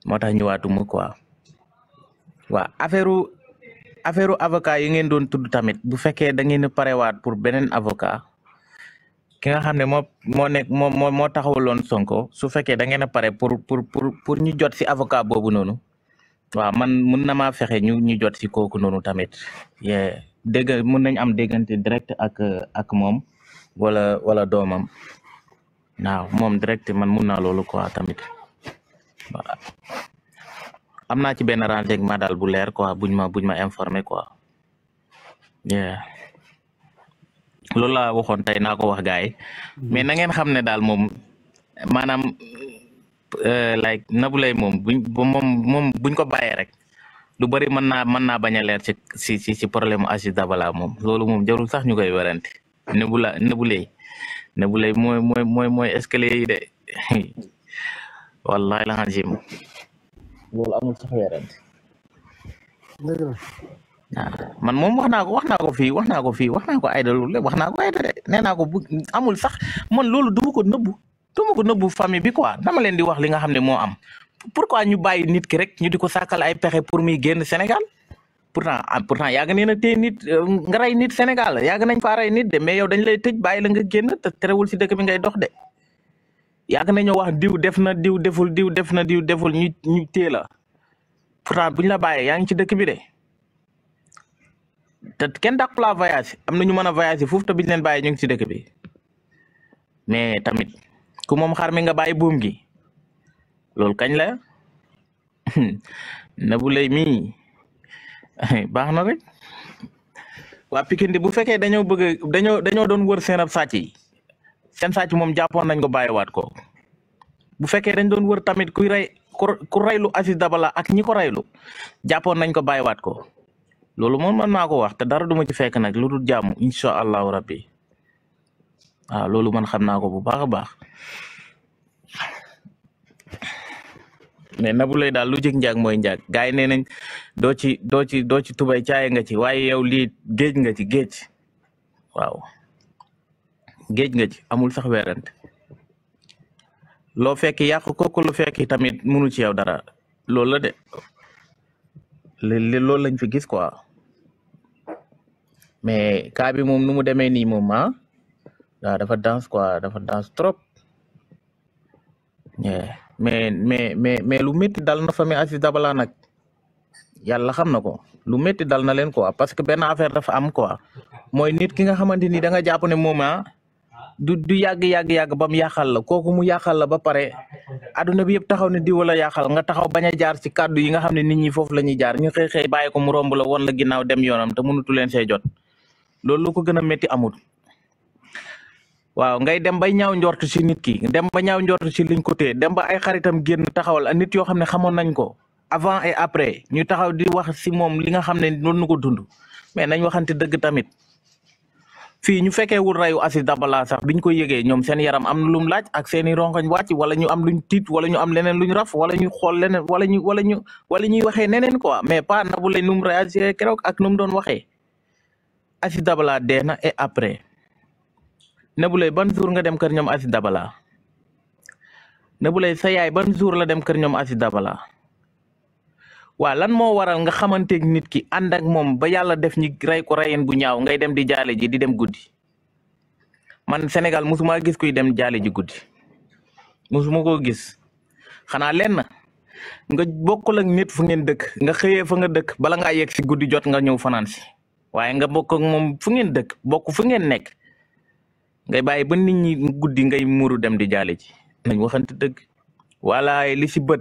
moo tax ñëwaatuma quoi waaw affaire affaire avocat yi ngeen doon tudd tamit bu fekkee da ngeen a parewaat pour beneen avocat ki nga xam ne moo moo nekk moo moo moo taxawaloon Sonko su fekkee da pare pour pour pour pour ñu jot fi avocat boobu noonu. waaw man mun na maa fexe ñu ñu jot si kooku noonu tamit dégg mun nañ am déggante direct ak ak moom wala wala doomam waaw moom direct man mun naa loolu quoi tamit waaw am naa ci benn renseignement daal bu leer quoi buñ ma buñ ma informé quoi loolu laa waxoon tey naa ko wax gars yi mm-hmm. daal moom maanaam Euh, like Nabou Leye moom buñ moom moom buñ ko bàyyee rek lu bari mën naa mën naa bañ a leer ci ci ci problème mu Aziz Dabala moom loolu moom jarul sax ñu koy werante Nabou la Nabou Leye Nabou Leye mooy mooy de wallahi la xanjim loolu amul sax man moom wax naa ko wax naa ko wax naa ko fii wax naa ko ayda amul sax man loolu tumu ko nëbbu fami bi quoi dama len di wax li nga xamne mo am pourquoi ñu bay nit ki rek ñu diko sakal ay Purna, pour mi génn Sénégal pourtant ah, pourtant na té nit euh, nga ray nit Sénégal yàgg nañ fa ray nit de mais yow dañ lay tejj bàyyi la nga génn te téréwul ci dëkk bi ngay dox de yàgg nañu wax diw def na diw deful diw def na diw deful ñu ñu té la pourtant buñ la bàyyee yaa ngi ci dëkk bi dé té ken dak pla voyage amna na ñu mëna voyage foofu te biñ leen ñu ci dëkk bi mais tamit ku mom xarmé bayi nga lol boom gi lol kañ la Nabou Leye mii baax na rek wa pikindi bu fekkee dañu bëgg dañu dañu doon wër seen ab sàcc yi seen sàcc moom jàppoon nañ ko wat ko bu fekkee dañ doon wër tamit kuy ray ku Aziz Dabala ak ñi ko lu jàppoon nañ ko wat ko lolou mom man mako wax te dara duma ci fekk nak lu jamu jàmm rabbi waaw loolu man xam naa ko bu baax a baax mais Nabou Leye daal lu jeg njaag mooy njaag gars yi nee nañ doo ci doo ci doo ci tubay caay nga ci waaye yow lii géej nga ci géej waaw géej nga ci amul sax weerante loo fekki yàq kooku lu fek tamit munu ci yow dara loolu la de li loolu lañ fi gis quoi mais cas bi moom nu mu demee nii moom ah Dah dafa dance quoi dafa dance trop. Yeah. mais me me me lu metti dal na fami Aziz Dabala nak. Yalla xam na ko lu metti dal na len quoi parce que ben affaire dafa am quoi Moy nit ki nga xamanteni da nga japp ne moom ah. du du yag yag yag bam yaxal la koku mu yaxal la ba pare aduna bi yeb taxaw ni di wala yaxal nga taxaw baña jaar ci kaddu yi nga xam nit ñi fofu la jaar ñu xey xey bayiko mu romb la won la ginnaw dem yoonam te tu len sey jot loolu lu ko gëna metti waaw ngay dem bay ñaaw njort ci nit ki dem ba ñaaw njort ci liñ ko téye dem ba ay xaritam génn taxawal nit yoo xam ne xamoon nañ ko avant et après ñu taxaw di wax si moom li nga xam ne noonu ko dund mais nañ waxante dëgg tamit fii ñu fekkee wul rayu Aziz Dabala sax biñ koy yëgee ñoom seen yaram am na lum laaj ak seeni rongoñ wàcc wala ñu am luñ tiit wala ñu am leneen luñ raf wala ñu xool leneen wala ñu wala ñu wala ñuy waxee neneen quoi mais pas Nabou Leye nu mu réagir keroog ak nu doon waxee assi Dabala dee na et après. Nabou ban jour nga dem kër ñoom Dabala Nabou sa yaay ban suur la dem kër ñoom Aziz Dabala waa lan moo waral nga xamanteeg nit ki ànd ak moom ba yàlla def ñi rey ko reyen bu ñaaw ngay dem di jaale ji di dem guddi man Sénégal mosuma gis kuy dem jaale ji guddi mosuma koo gis xanaa lenn nga bokkul ak nit fu ngeen dëkk nga xëyee fa nga dëkk bala ngaa yegg si guddi jot nga ñëw fanaan si waaye nga bokk ak fu ngeen dëkk bokk fu ngeen nekk ngay bàyyi ba nit ñi guddi ngay muru dem di jaale ci nañ waxante dëgg wala li ci bët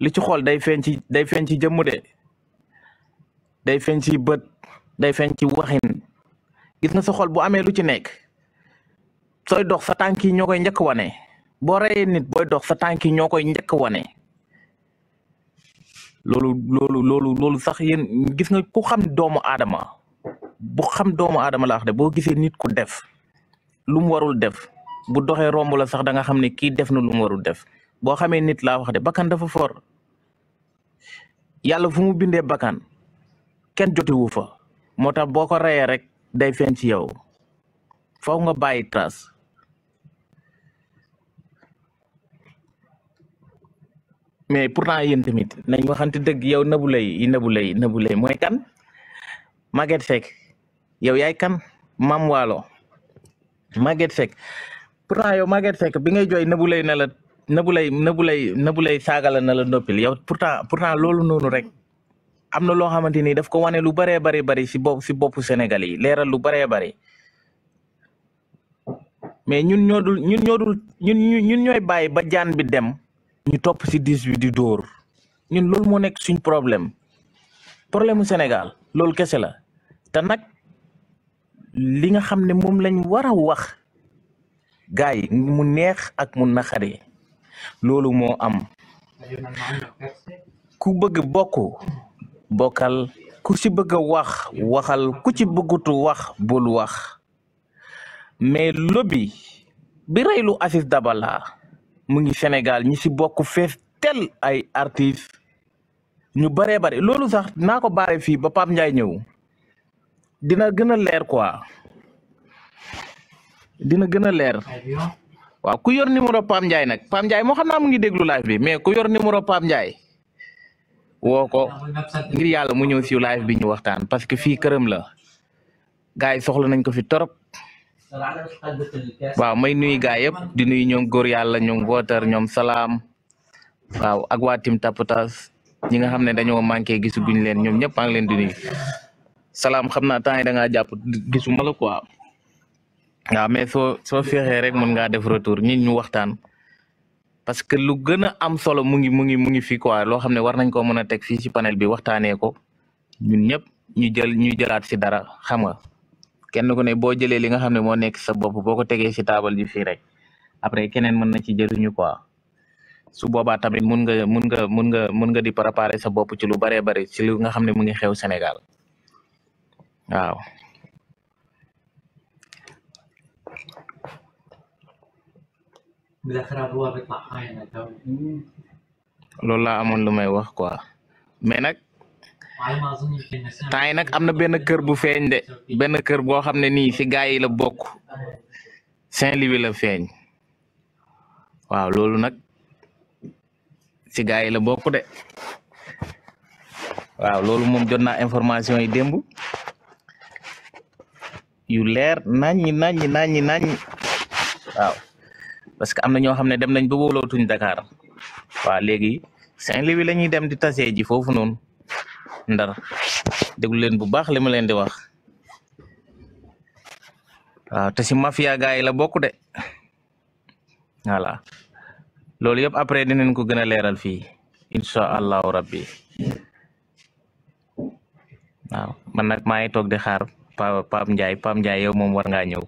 li ci xool day feeñ ci day feeñ ci jëmm de day feeñ ci bët day feeñ ci waxin gis nga sa xool bu amee lu ci nekk sooy dox sa tànk yi ñoo koy njëkk wane boo reyee nit booy dox sa tànk yi ñoo koy njëkk wane loolu loolu loolu loolu sax yéen gis nga ku xam doomu aadama bu xam doomu aadama la wax de boo gisee nit ku def lu mu warul def bu doxee romb la sax danga xam ne kii def na lu warul def boo xamee nit laa wax de bakkan dafa for yàlla fu mu bindee bakkan kenn jotewu fa moo tax boo ko reyee rek day feeñ ci yow faw nga bàyyi trace mais pourtant yéen tamit nañ waxante dëgg yow Nabou Leye yi Nabou Leye Nabou Leye mooy kan Maguette Seck yow yaay kan Mame Maguette Seck pourtant yow Maguette Seck bi nga jooy Nabou Leye ne la Nabou Leye Nabou Leye Nabou Leye na la noppil yow pourtant pourtant loolu noonu rek am na loo xamante ni daf ko wane lu bëree bëri bëri si bopp si boppu sénégali yi leeral lu bëree bëri mais ñun ñoo dul ñun ñoo ñun ñooy bàyyi ba jaan bi dem ñu topp si dis bi di dóor ñun loolu moo nekk suñ problème problème mu Sénégal loolu kese la te nag li nga xamne mom lañ wara wax gaay mu neex ak mu naxari lolu mo am ku bëgg bokku bokal ku ci bëgg wax waxal ku ci bëggutu wax bul wax mais lobby bi reylu assis Dabala mu ngi Sénégal ñi ci bokku fess tel ay artiste ñu bare bare lolu sax nako bare fi ba pap ñew dina gën a leer quoi dina gën a leer waaw ku yor numéro Pape Ndiaye nag Pape Ndiaye moo xam naa mu ngi déglu live bi mais ku yor numéro Pape Ndiaye woo ko ngir yàlla mu ñëw si live bi waxtaan parce que fii këram la gars yi soxla nañ ko fi torop waaw may nuyu gaa yëpp di nuyu ñoom góor yàlla ñoom wootar ñoom salaam waaw ak waa tim taputas ñi nga xam ne dañoo manqué gisuguñ leen ñoom ñëpp maa ngi leen di Salam xamna tan yi da nga japp gisuma la quoi waaw mais so soo fexee rek mën nga def retour nit ñu waxtaan parce que lu gëna am solo mu ngi mu ngi mu ngi fi quoi lo xamne ne war nañ ko mëna tek fi ci panel bi waxtané ko ñun ñëpp ñu jël ñu jëlaat si dara xam nga kenn ko ne bo jëlé li nga xamne mo nekk sa bop boko ko ci si ji rek après keneen mëna ci jëriñu quoi su boba tamit mën nga mën nga mën nga mën nga di préparer sa bop ci lu bare bari ci lu nga xamne mu ngi xew Sénégal Wow. Lola amon lumay wax quoi mais nak tay nak amna ben keur bu feñ de ben keur bo xamne ni nii gaay yi la bok Saint-Louis la feñ. waaw loolu nak ci gaay yi la bok de waaw loolu mom jotna information yi dembu yuler nanyi, nanyi, nanyi, nanyi. waaw parce que amna ño ñoo dem nañ wolo tuñ Dakar wa léegi Saint-Louis lañuy dem di tassé ji fofu non ndar déglu len bu bax li len di wax waaw te ci mafia gaay la bokku de wala loolu yëpp après dinañ ko gëna léral fi inshallah rabbi waaw man nak maa tok di xaar. Pam jai, pam jai, Ndiaye yow moom war nga ñew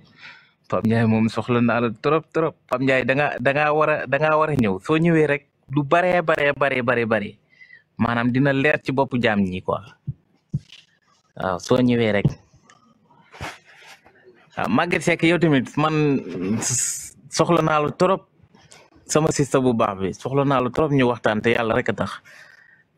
pam jai mom soxla na la trop trop Pam jai, da nga da nga wara da nga war ñew so ñewé rek lu bare bare bare bare bare manam dina leer ci bop jam ñi quoi ah so ñewé rek ah magge sék yow tamit man soxla na la trop sama sista bu baax bi soxla na la trop ñu waxtaan te rek tax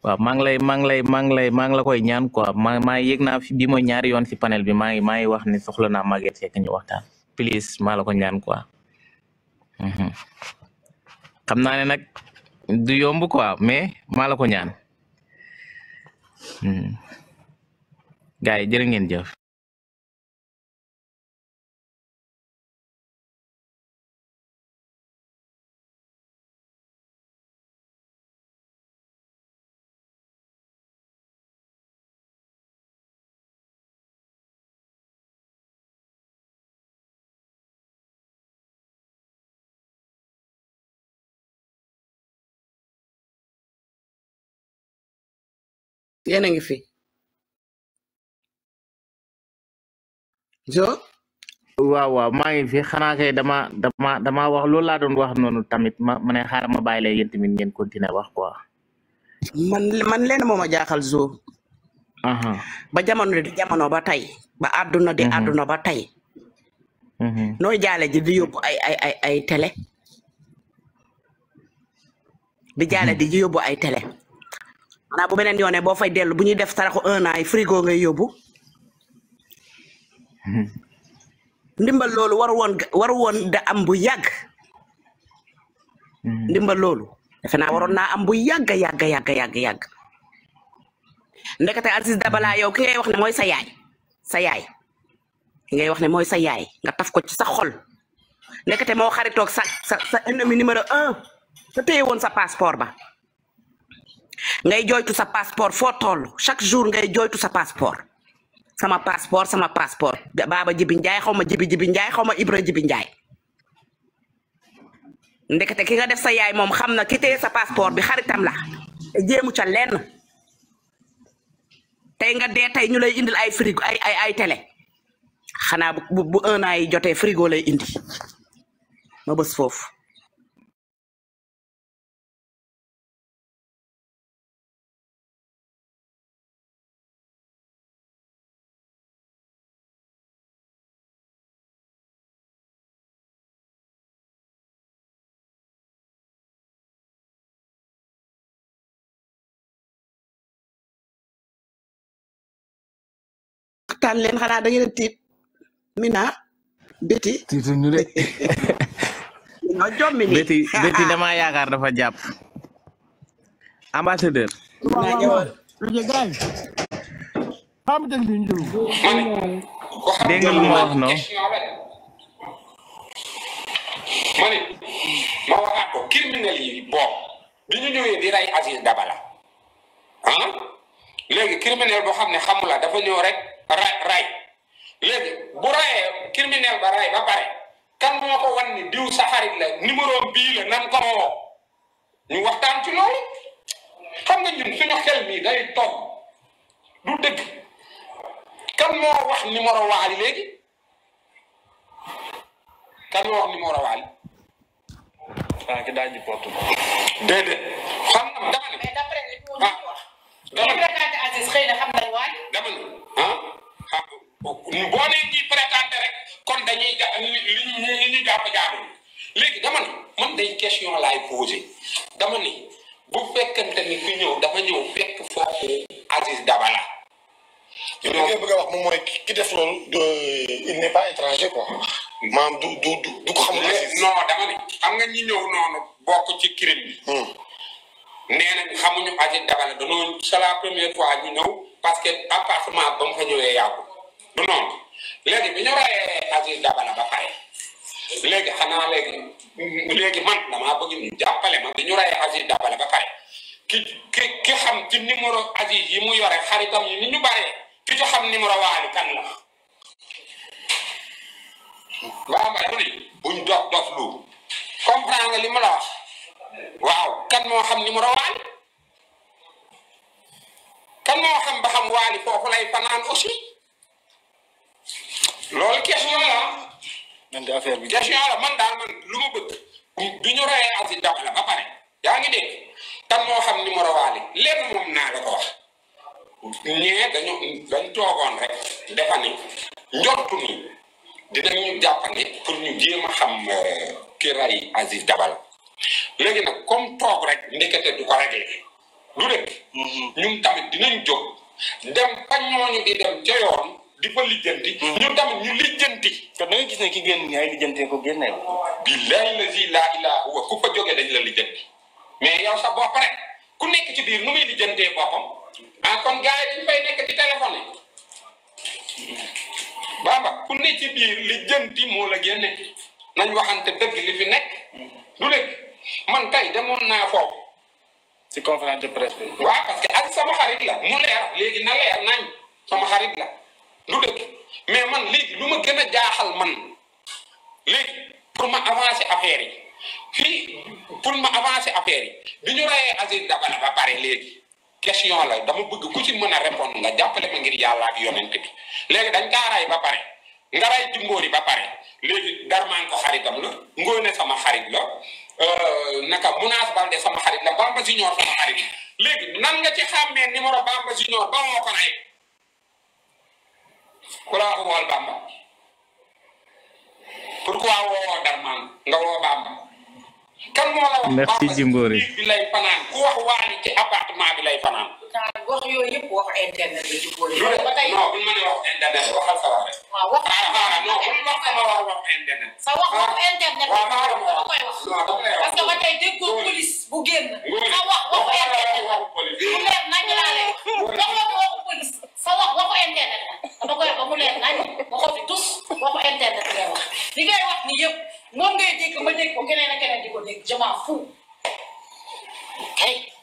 waaw maa ngi lay maa ngi lay maa ngi lay maa ngi la koy ñaan quoi maa maa yëg naa fi bi mooy ñaari yoon si panel bi maa ngi wax ne soxla naa Maguette Seck ñu waxtaan please maa ko ñaan quoi mhm. xam naa ne nag du yomb quoi mais maa la ko ñaan mhm. gars yi jërë ngeen jëf tienen en fin. jo waaw waaw maa ngi fi xanaa kay dama dama dama wax loolu laa doon wax noonu tamit ma ma ne xaaral ma bàyyi la yéen tamit ngeen continuer wax quoi. man man leen moom a jaaxal zo. ba jamono di jamono ba tey ba àdduna di mhm. àdduna ba tey. Mhm. nooy jaale ji di yóbbu ay ay ay ay télé. di jaale mhm. di yóbbu ay tele. xanaa bu beneen yoonee boo fay dellu bu ñuy def taraxu un an yi frigo ngay yóbbu. ndimbal loolu waru woon waru woon da am bu yàgg. Hmm. ndimbal loolu. defe naa waroon naa am bu yàgg yàgg yàgg yàgg yàgg. ndekete Aziz Dabala yow ki ngay wax ne mooy sa yaay sa yaay ki ngay wax ne mooy sa yaay nga taf ko ci sax xool ndekete moo xaritoog sa sa sa ennemi numéro un nga téye woon sa passeport ba. ngay jooytu sa passeport foo toll chaque jour ngay jooytu sa passeport sama passeport sama passeport baaba jibi njaay xaw ma jibi jibi njaay xaw ma ibra jibi njaay ndekete ki nga def sa yaay moom xam na ki te sa passeport bi xaritam la jéemu ca lenn tey nga dee tey ñu lay indil ay frigo ay ay ay xanaa bu bu un an yi jotee frigo lay indi ma bës foofu seetaan leen xanaa da ngeen tiit mina béti tiituñu de ñoo jommi ni béti dafa jàpp ambassadeur dégg nga lu ma wax noonu ma criminel yi bon bi ñu ñëwee di rey Aziz Dabala ah léegi criminel boo xam ne xamula dafa ñëw rek ra ray léegi bu rayee criminel ba ray ba pare kan moo ko wan ni diw sa la numéro bii la nan ko woo ñu waxtaan ci loolu xam nga ñun suñu xel nii day toog du dëgg kan moo wax numéro waali léegi kan moo wax waali waaw ki daal di porte déedéet xam nga daane prétendé Aziz xëy na xam nañ waay. dama ne ah boo nee ñuy prétendé rek kon dañuy ja li ñu ñu jàpp jaarul léegi dama ne man day question laay posé dama ne bu fekkente ni fi ñëw dafa ñëw fekk foofu Aziz Dabala. yow li nga bëgg a wax moom mooy ki def loolu il n'est pas étranger quoi. maam du du du ko xam. non dama ne xam nga ñi ñëw noonu bokk ci crime bi. Hmm. nee nañ xamuñu Aziz Dabala danoo c'est la première fois ñu ñëw parce que appartement ba mu fa ñëwee yàggu du noonu léegi bi ñu reyee Aziz Dabala ba pare léegi xanaa léegi man damaa bëgg ñu jàppale ma bi ñu reyee Aziz Dabala ba pare ki ki ki xam ci numéro Aziz yi mu yore xaritam yi ni ñu bare ki ci xam numéro waali kan la baa mbay bu ñu dof lu comprendre nga waaw kan moo xam numéro waali kan moo xam ba xam waali foofu lay fanaan aussi loolu question la man de affaire bi question la man daal man lu ma bëgg bi ñu royee Aziz la ba pare yaa ngi dégg kan moo xam numéro waali lépp moom naa la ko wax ñee dañu dañ toogoon rek defa ni njortu ni dinañu jàppane pour ñu jéem a xam euh, ki ray Aziz Dabala léegi nag comme toog rek ndekete du ko réglé du dëkk mhm. ñun tamit dinañ jóg dem fa ñooñu di dem ca yoon di fa lijjanti mhm. ñu tamit ñu lijjanti te da nga gis ne ki génn ñi ay lijjantee ko génnee billahi lazi laa ilaaha huwa ku fa jógee dañ la lijjanti mais yow sa bopp rek ku nekk ci biir nu muy lijjantee boppam ah kon gars yi dañ fay nekk ci téléphone yi baaba ku ne ci biir lijjanti moo la génne nañ waxante dëgg li fi nekk du mhm. dëgg man tey demoon naa foofu. ci conférence de presse bi. waaw parce que ak sama xarit la mu leer léegi na leer nañ sama xarit la du dëgg mais man léegi lu ma gën a jaaxal man léegi pour ma avancer affaire yi fii pour ma avancer affaire yi bi ñu reyee Aziz Dabala ba pare léegi question la dama bëgg ku ci mën a répondre nga jàppale ma ngir yàlla ak yonent bi léegi dañ kaa rey ba pare nga rey yi ba pare léegi Darman ko xaritam la Ngone sama xarit la. Euh, naka Munaas Balde sama xarit la Bamba Junior sama xarit léegi nan nga ci xàmmee numéro Bamba Junior ba moo ko rey ku la wool Bamba pourquoi woowoo Darman nga woo Bamba kan moo la wax merci Jimbori bi lay fanaan ku wax waali ci appartement bi lay fanaan daal wax yooyu yëpp waxu internet bi ci boole. ba tey non bu ñu mënee wax internet waxal sa wax rek. waaw wax internet. sa wax waxu internet. waaw maa ngi koy wax. parce que ba tey déggoo police bu génn. sa wax waxu internet la. mu leer nañ laa leen. wax waxu police. sa wax waxu internet la. da koy ba mu leer nañ waxoo fi tus waxu internet ngay wax li ngay wax ni yëpp moom ngay dégg ma dégg ko keneen ak keneen di ko dégg je m'en fous. ok.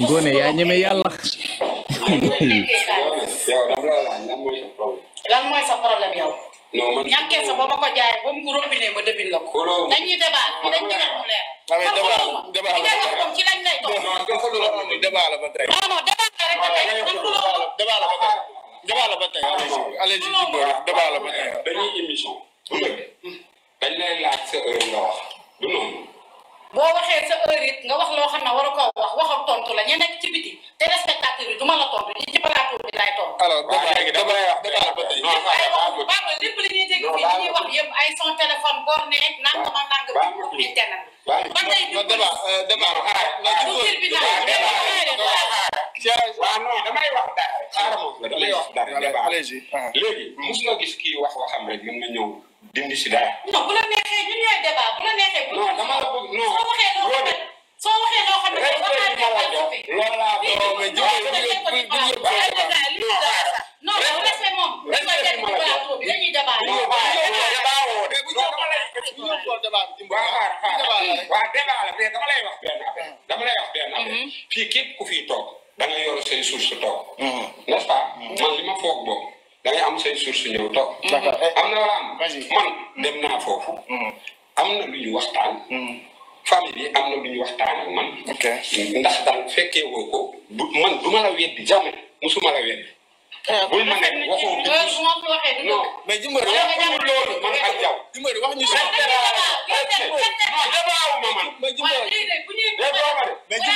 Ngoné a ñeme yàlla. yow dama la laaj lan mooy sa problème. lan mooy sa problème yow. non man ñàkkee sa ba ma ko ah jaayee boo waxee sa heure it nga wax loo xam ne war a koo wax waxal tontu la ñu nekk ci biti téléspectateur yi du ma la tontu ñi ci plateau bi laay tontu. alors lépp li ñuy dégg fii ñuy wax yëpp ay son téléphone borné nanga ma nanga bi pour internet. ba tey euh, jublu damay wax dara. léegi mus nga gis kii wax waxam rek mën nga ñëw. dindi si dara. non bu la neexee ñun ñooy débat bu la neexee. bu la dama la bëgg non soo waxee loo xam ne soo waxee loo xam ne loolu laa ko mais jiw bi jiw bi non non respect moom. respect moom bi dañuy débat. waaw waaw débat la mais dama lay wax benn affaire mm-hmm. dama lay wax benn affaire mm-hmm. fii képp ku fi toog da nga yor say source toog. Mm-hmm. n'est-ce pas man li ma foog boobu. da am am say su ñëw toog. am na wala am. man dem naa foofu. am na lu ñu waxtaan. famille bi am na lu ñu waxtaan ak man. ndax fekkee woo ko bu man du ma la weddi jamais musuma la ma ne waxoo bi non mais Jimbori waxul loolu man wax ñu ma man. mais Jimbori. ma de.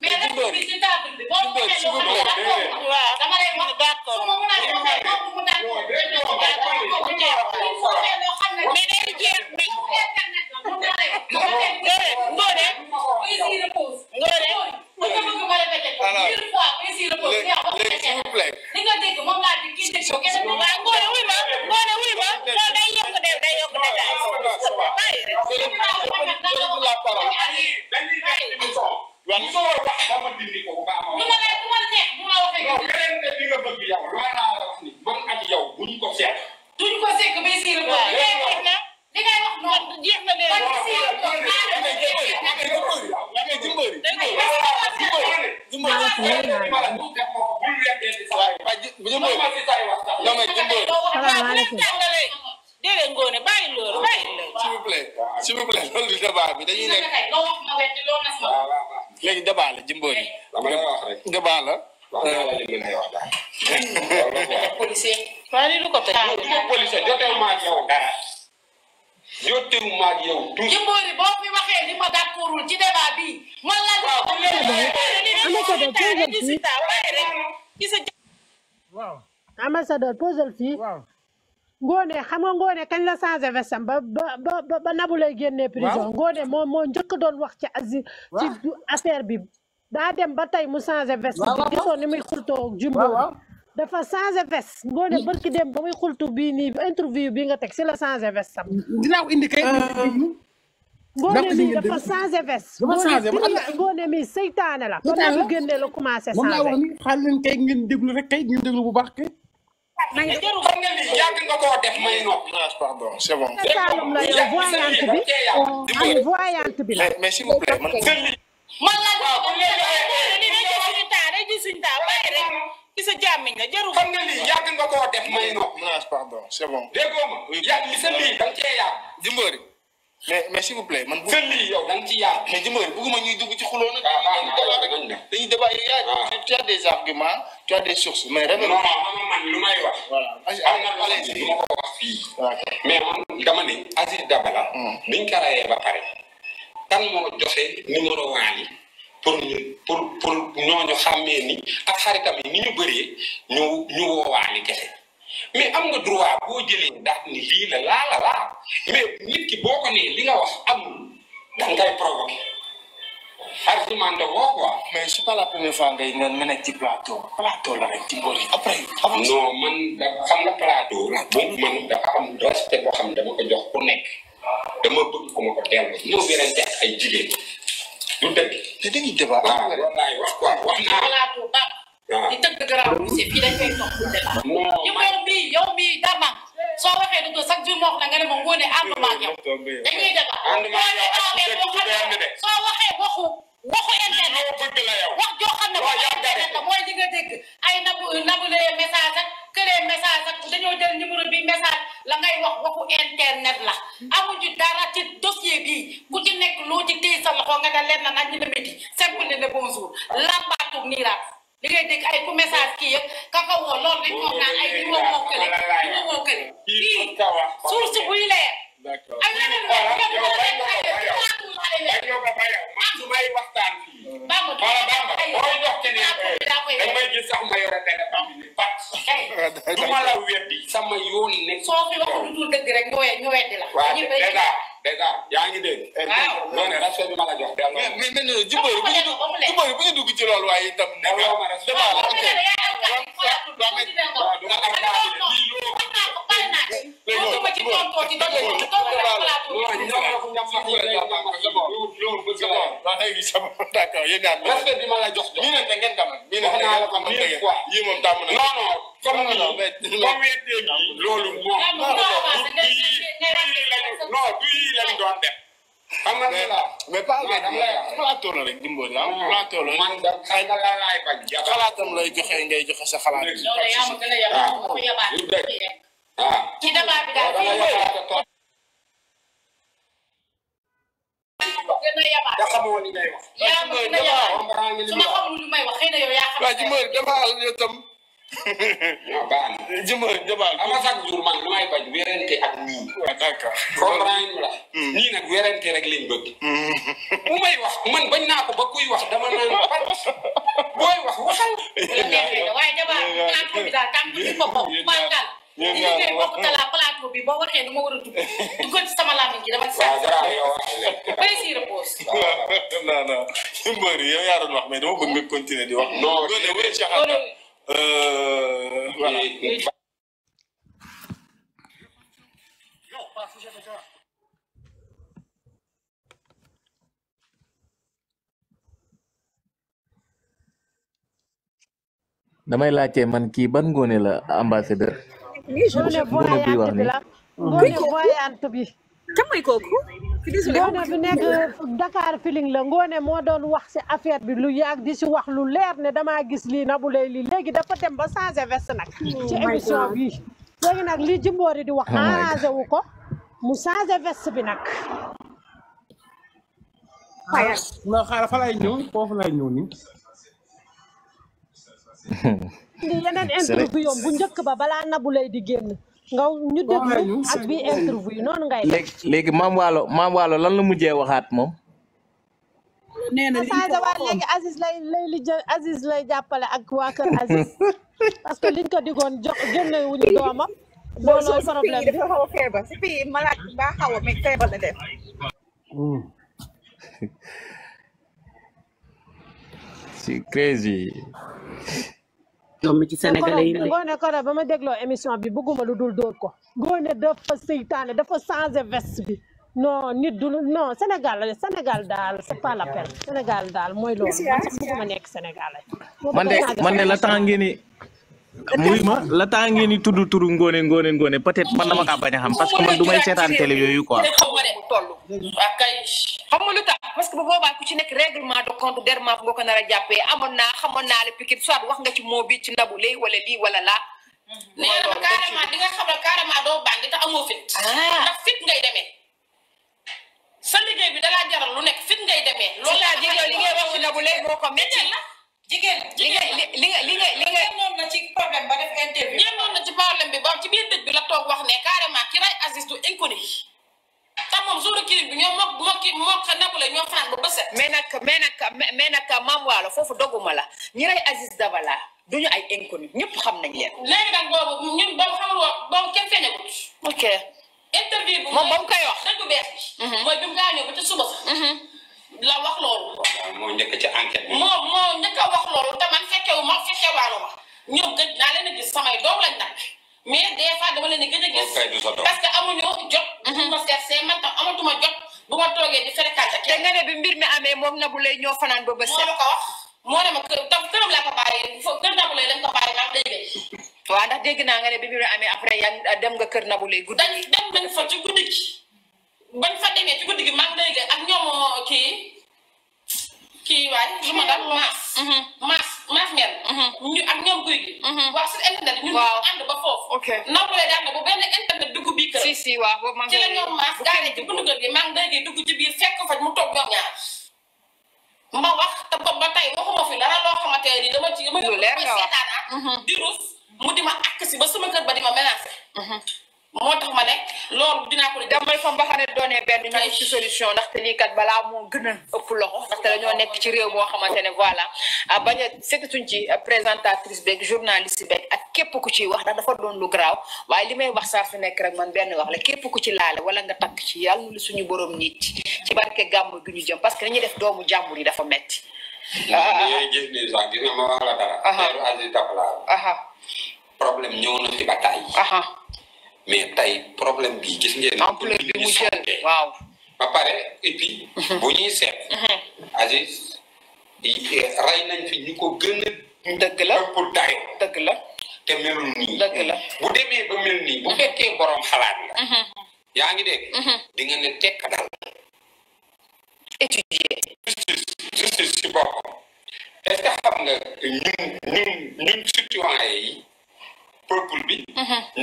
mais dama bi si table bi boo ko defee loo xam ne dama lay wax d'accord su ma mën a defee kooku mu daan ko kooku jeex soo dee loo xam ne mais day jeex mais bu fekkee ne mu tare bu fekkee ne ngoone ici repose ngoone bu ko bëgg ma répété ko mille fois ici repose yaa ko fekkee li nga dégg moom laa di kii dégg ko kenn waaw ngoone wuy ma ngoone wuy ma loolu day yokk de day yokk de daal bàyyi rek wansoo wax dama dindi ko bu baax ma. lu ma leen ku ma neex bu ma waxee. non beneen ne bi nga bëgg yow loo naa la wax ni bon ak yow buñ ko seet. duñ ko sekk bay siir bu baax. jeex na li ngay wax noonu jeex na de. waaw siir bu baax la nga jeex na de. mais Jimbori. Jimbori. Jimbori. salaamaaleykum. déedéet ngoone bàyyi loolu bàyyi loolu. s'il vous plaît s'il vous plaît loolu du débat bi dañuy nekk. Jimbori boo fi waxee ma d'accordul ci débat bi man la waaw ambassadeur posal fii ngoone xam nga ngoone kañ la changé vesam ba ba ba ba nabu lay génnee prison ngoone moo moo njëkk doon wax ci asi ci affaire bi daa dem ba tey mu changé vest bi gisoon ni muy xultoo Jimbori dafa changé ngoone bërki dem ba muy xultu bii nii interview bii nga teg si la changé veste sam ngone mi dafa changé veste dafa changé ngone mi seytaane la kon bu génne la commencé changé moom laa wax ni xaal leen kay ngeen déglu rek kay ngeen déglu bu baax kay mais jarul xam nga ni yàgg nga koo def may noppi pardon c'est bon saalum la yow voyante bi am voyante bi la mais s'il vous plaît man man laa ni nga jël suñu taa rek di suñu taa bàyyi rek ci sa jàmmiñ la jarul xam nga ni yàgg nga koo def may noppi pardon c'est bon déggoo ma yàgg li sa lii da nga cee yàgg dimbali mais mais s'il vous plaît man. seen lii yow da nga ci yaatu. mais jëmbale ñuy dugg ci xuloo nag. Ah, dañuy débat ah. tu as des arguments tu as mais. non non man lu may wax. Ah, mais man dama ne Aziz Dabala. Hmm. biñ ko ba pare. kan moo joxe numéro Wally pour pour pour ñooñu xàmmee ni ak xaritam ni ñu bëree ñu ñu woo kese. mais am nga droit boo jëlee daat ni lii la laa la mais nit ki boo ko nee li nga wax amul danga koy provoqué argumenté woo quoi. mais c'est pas la première fois ngay nga nekk ci plateau la rek ci boor yi après. non ko nekk dama bëgg ku ma ko delloo ñëw bi ay jigéen lu dëgg. te dañuy débat. waaw loolu laay wax quoi wax di tëgg garaaw monsieur fii dañ koy topp de la. yow mii nga ne ma ngoone dama. soo waxee waxu waxu internet wax joo xam nga dégg ay nabu nabulee ci dossier bi ku ci nekk loo ci sa loxo nga ne leen na nañ ñu demee di simple ne bonjour làmbaatu niiraat. di ngay dégg ay ku message kii yëpp ka ko woo loolu ko naan ay di woo woo kële di woo kële kii source buy leer ay leneen ay ay ay ay ay ay dèjà yaa ngi dégg. waaw non non respect bi ma la jox. mais mais mais jubóor yi bu ñu jubóor yi bu ñu dugg ci loolu waaye itam. nekk damaa la ok. respect bi ma la jox jox. mii nag da ngeen dama. mii nag da ngeen dama. mii nag quoi yii moom tàmm na. non non. comme ni la boo weetee nii loolu moom du yii du yii lañu non du yii lañu doon def. xam nga ne la mais pas la xalaatoo la rek dimbali ah xalaatoo la man da xëy na laa laay bañ. xalaatam lay joxe ngay joxe sa xalaat. Ah. Ah. ci débat bi daal yaa xamoo li ngay wax. yaa xamoo li ngay wax su ma xamul lu may wax xëy na yow yaa xam. waaw ci mooy dafa am itam. baax na jëmbal jëmbal ama chaque jour man damay bañ wérante ak nii d'accord comprendre la nii nag wérante wah, lañ bëgg bu may wax man bañ naa ko ba kuy wax dama naan par booy wax waxal waaye jabar plateau bi daal tam ci boppam man daal ñoom ñaar ñu bokk talaa plateau bi boo waxee nu ma war a dugg du ko ci sama làmmiñ gi dama ci saa bay si repose non non mbër damay eh, laajte man ki ban goné la ambassadeur. ni ngoone bi wax ni ko ngoone bu kan mooy kooku. ngoone bi nekk Dakar feeling la ngoone moo don wax si affaire bi lu yàgg di si wax lu leer ne damaa gis lii Nabou Leye lii léegi dafa dem ba changé veste nag. Oh ci émission bi léegi nag li Jimbori di wax. Oh arrangé wu ko mu changé veste bi nag. waaw xaaral fa lay ñëw foofu lay ñëw nii. yeneen interview bu njëkk ba balaa Nabou Leye di génn. nga ñu déglu ak bi interview noonu ngay. léegi maam Waalo maam Waalo lan la mujjee waxaat moom. nee na léegi Aziz lay jàppale ak waa kër parce que liñ ko digoon jox génne doomam. looloo problème bi dafa xaw a feebar si fii malade bi baa xaw yomb ci sénégalais yi. ba ma dégloo émission bi bëgguma lu dul dóor ko. ngoone dafa seytaane dafa changé veste bi. non nit du non Sénégal Sénégal daal Sénégal daal mooy loolu. man nekk Sénégalais. man de man de la temps muy ma la taa ngeen di tudd turu ngóone ngóone ngóone peut-être man kaa bañ a xam parce que du may seetaan télé yooyu quoi. waaw kay xam nga lu tax parce que bu boobaa ku ci nekk règlement de compte dermaaf nga ko nar a jàppee amoon naa xamoon naa la pikir soit wax nga ci moo ci nabu lay wala lii wala laa. nee mm-hmm. na carrément di nga xam ne carrément doo bandi te amoo ah. fit. ngay demee. sa liggéey bi dalaa jaral lu nekk fit ngay demee. loolu laa di ngay wax jigéen jigéen li li nga li nga li nga ñëwoon na ci problème ba def interview. ñëwoon na ci problème bi ba ci biir dëj bi la toog wax ne carrément ki ray Aziz du inconnu te moom suuru kirim bi ñoom moo moo ki moo xa nabu la ñoo fanaan ba ba set. mais nag mais nag mais nag maam waalo foofu doguma la ñi ray Aziz Dabala duñu ay inconnu ñëpp xam nañ leen. léegi nag boobu ñun boobu xamul woon boobu kenn feeñagut. ok interview bi moom ba mu koy wax dëgg bees bi. Mhm. mooy bi mu gaañoo ba ca suba sax. la wax loolu. moo njëkk a wax loolu te man fekkewu ma fekkewaalu ma ñoom gëj naa leen a gis samay doom lañ nag mais des fois dama leen a gëj a parce que amuñu jot. bu mhm. ma amatuma jot bu ma toogee di fréquenté te nga ne bi mbir mi amee moom Nabou Leye ñoo fanaan ba ba seet. moo moo ne ma kër tam këram laa ko bàyyi fo kër Nabou Leye naa nga ne bi mbir mi amee après yan dem nga kër Nabou Leye guddi. dañ dem ci guddi gi bañ fa demee ci guddi gi man léegi ak ñoom kii kii waay lu ma dal mhm. maas maas maas mel mhm. ñu ak ñoom guy gi mhm. waaw sur internet ñun ñu ànd ba foofu naw bu lay daan bu benn internet dugg bii kër si si waaw boobu man ci la ñoom maas gaare ci bundu kër gi man léegi dugg ci biir fekk fa mu toog ñoom ñaar ma wax te boobu ba tey waxuma fi dara loo xamante ni dama ci ma seetaanaat di ruus mu di ma àkk si ba sama kër ba di ma menacé moo tax ma ne loolu dinaa ko. damay fa mbaxane doone benn ñu ci solution ndaxte lii kat balaa moo gën a ëpp loxo ndaxte ñoo nekk ci réew moo xamante ne voilà ah, bañ a sekkatuñ ci ah, présentatrice beeg journaliste beeg ak képp ku ciy wax ndax dafa doon lu garaaw waaye li may wax saa su nekk rek man benn wax la képp ku ci laale wala nga takk ci yàlla lu suñu borom nit ci barke gàmmu gi ñu jëm parce que dañuy def doomu jàmbur yi dafa metti ah yooyu problème ñëw na fi ba tàyyi. mais tey problème bi gis ngeen. ampleur bi mu jël waaw. ba pare et puis. bu ñuy seet. Mhm. Aziz rey nañ fi ñu ko gën a. dëgg la pour dëgg la. te melul nii. dëgg la bu demee ba mel nii. bu mhm. fekkee borom xalaat la. Mhm. yaa ngi de di ne tekk dal. étudier. justice justice si boppam. est-ce que nga ñun ñun ñun citoyen yi peuple bi.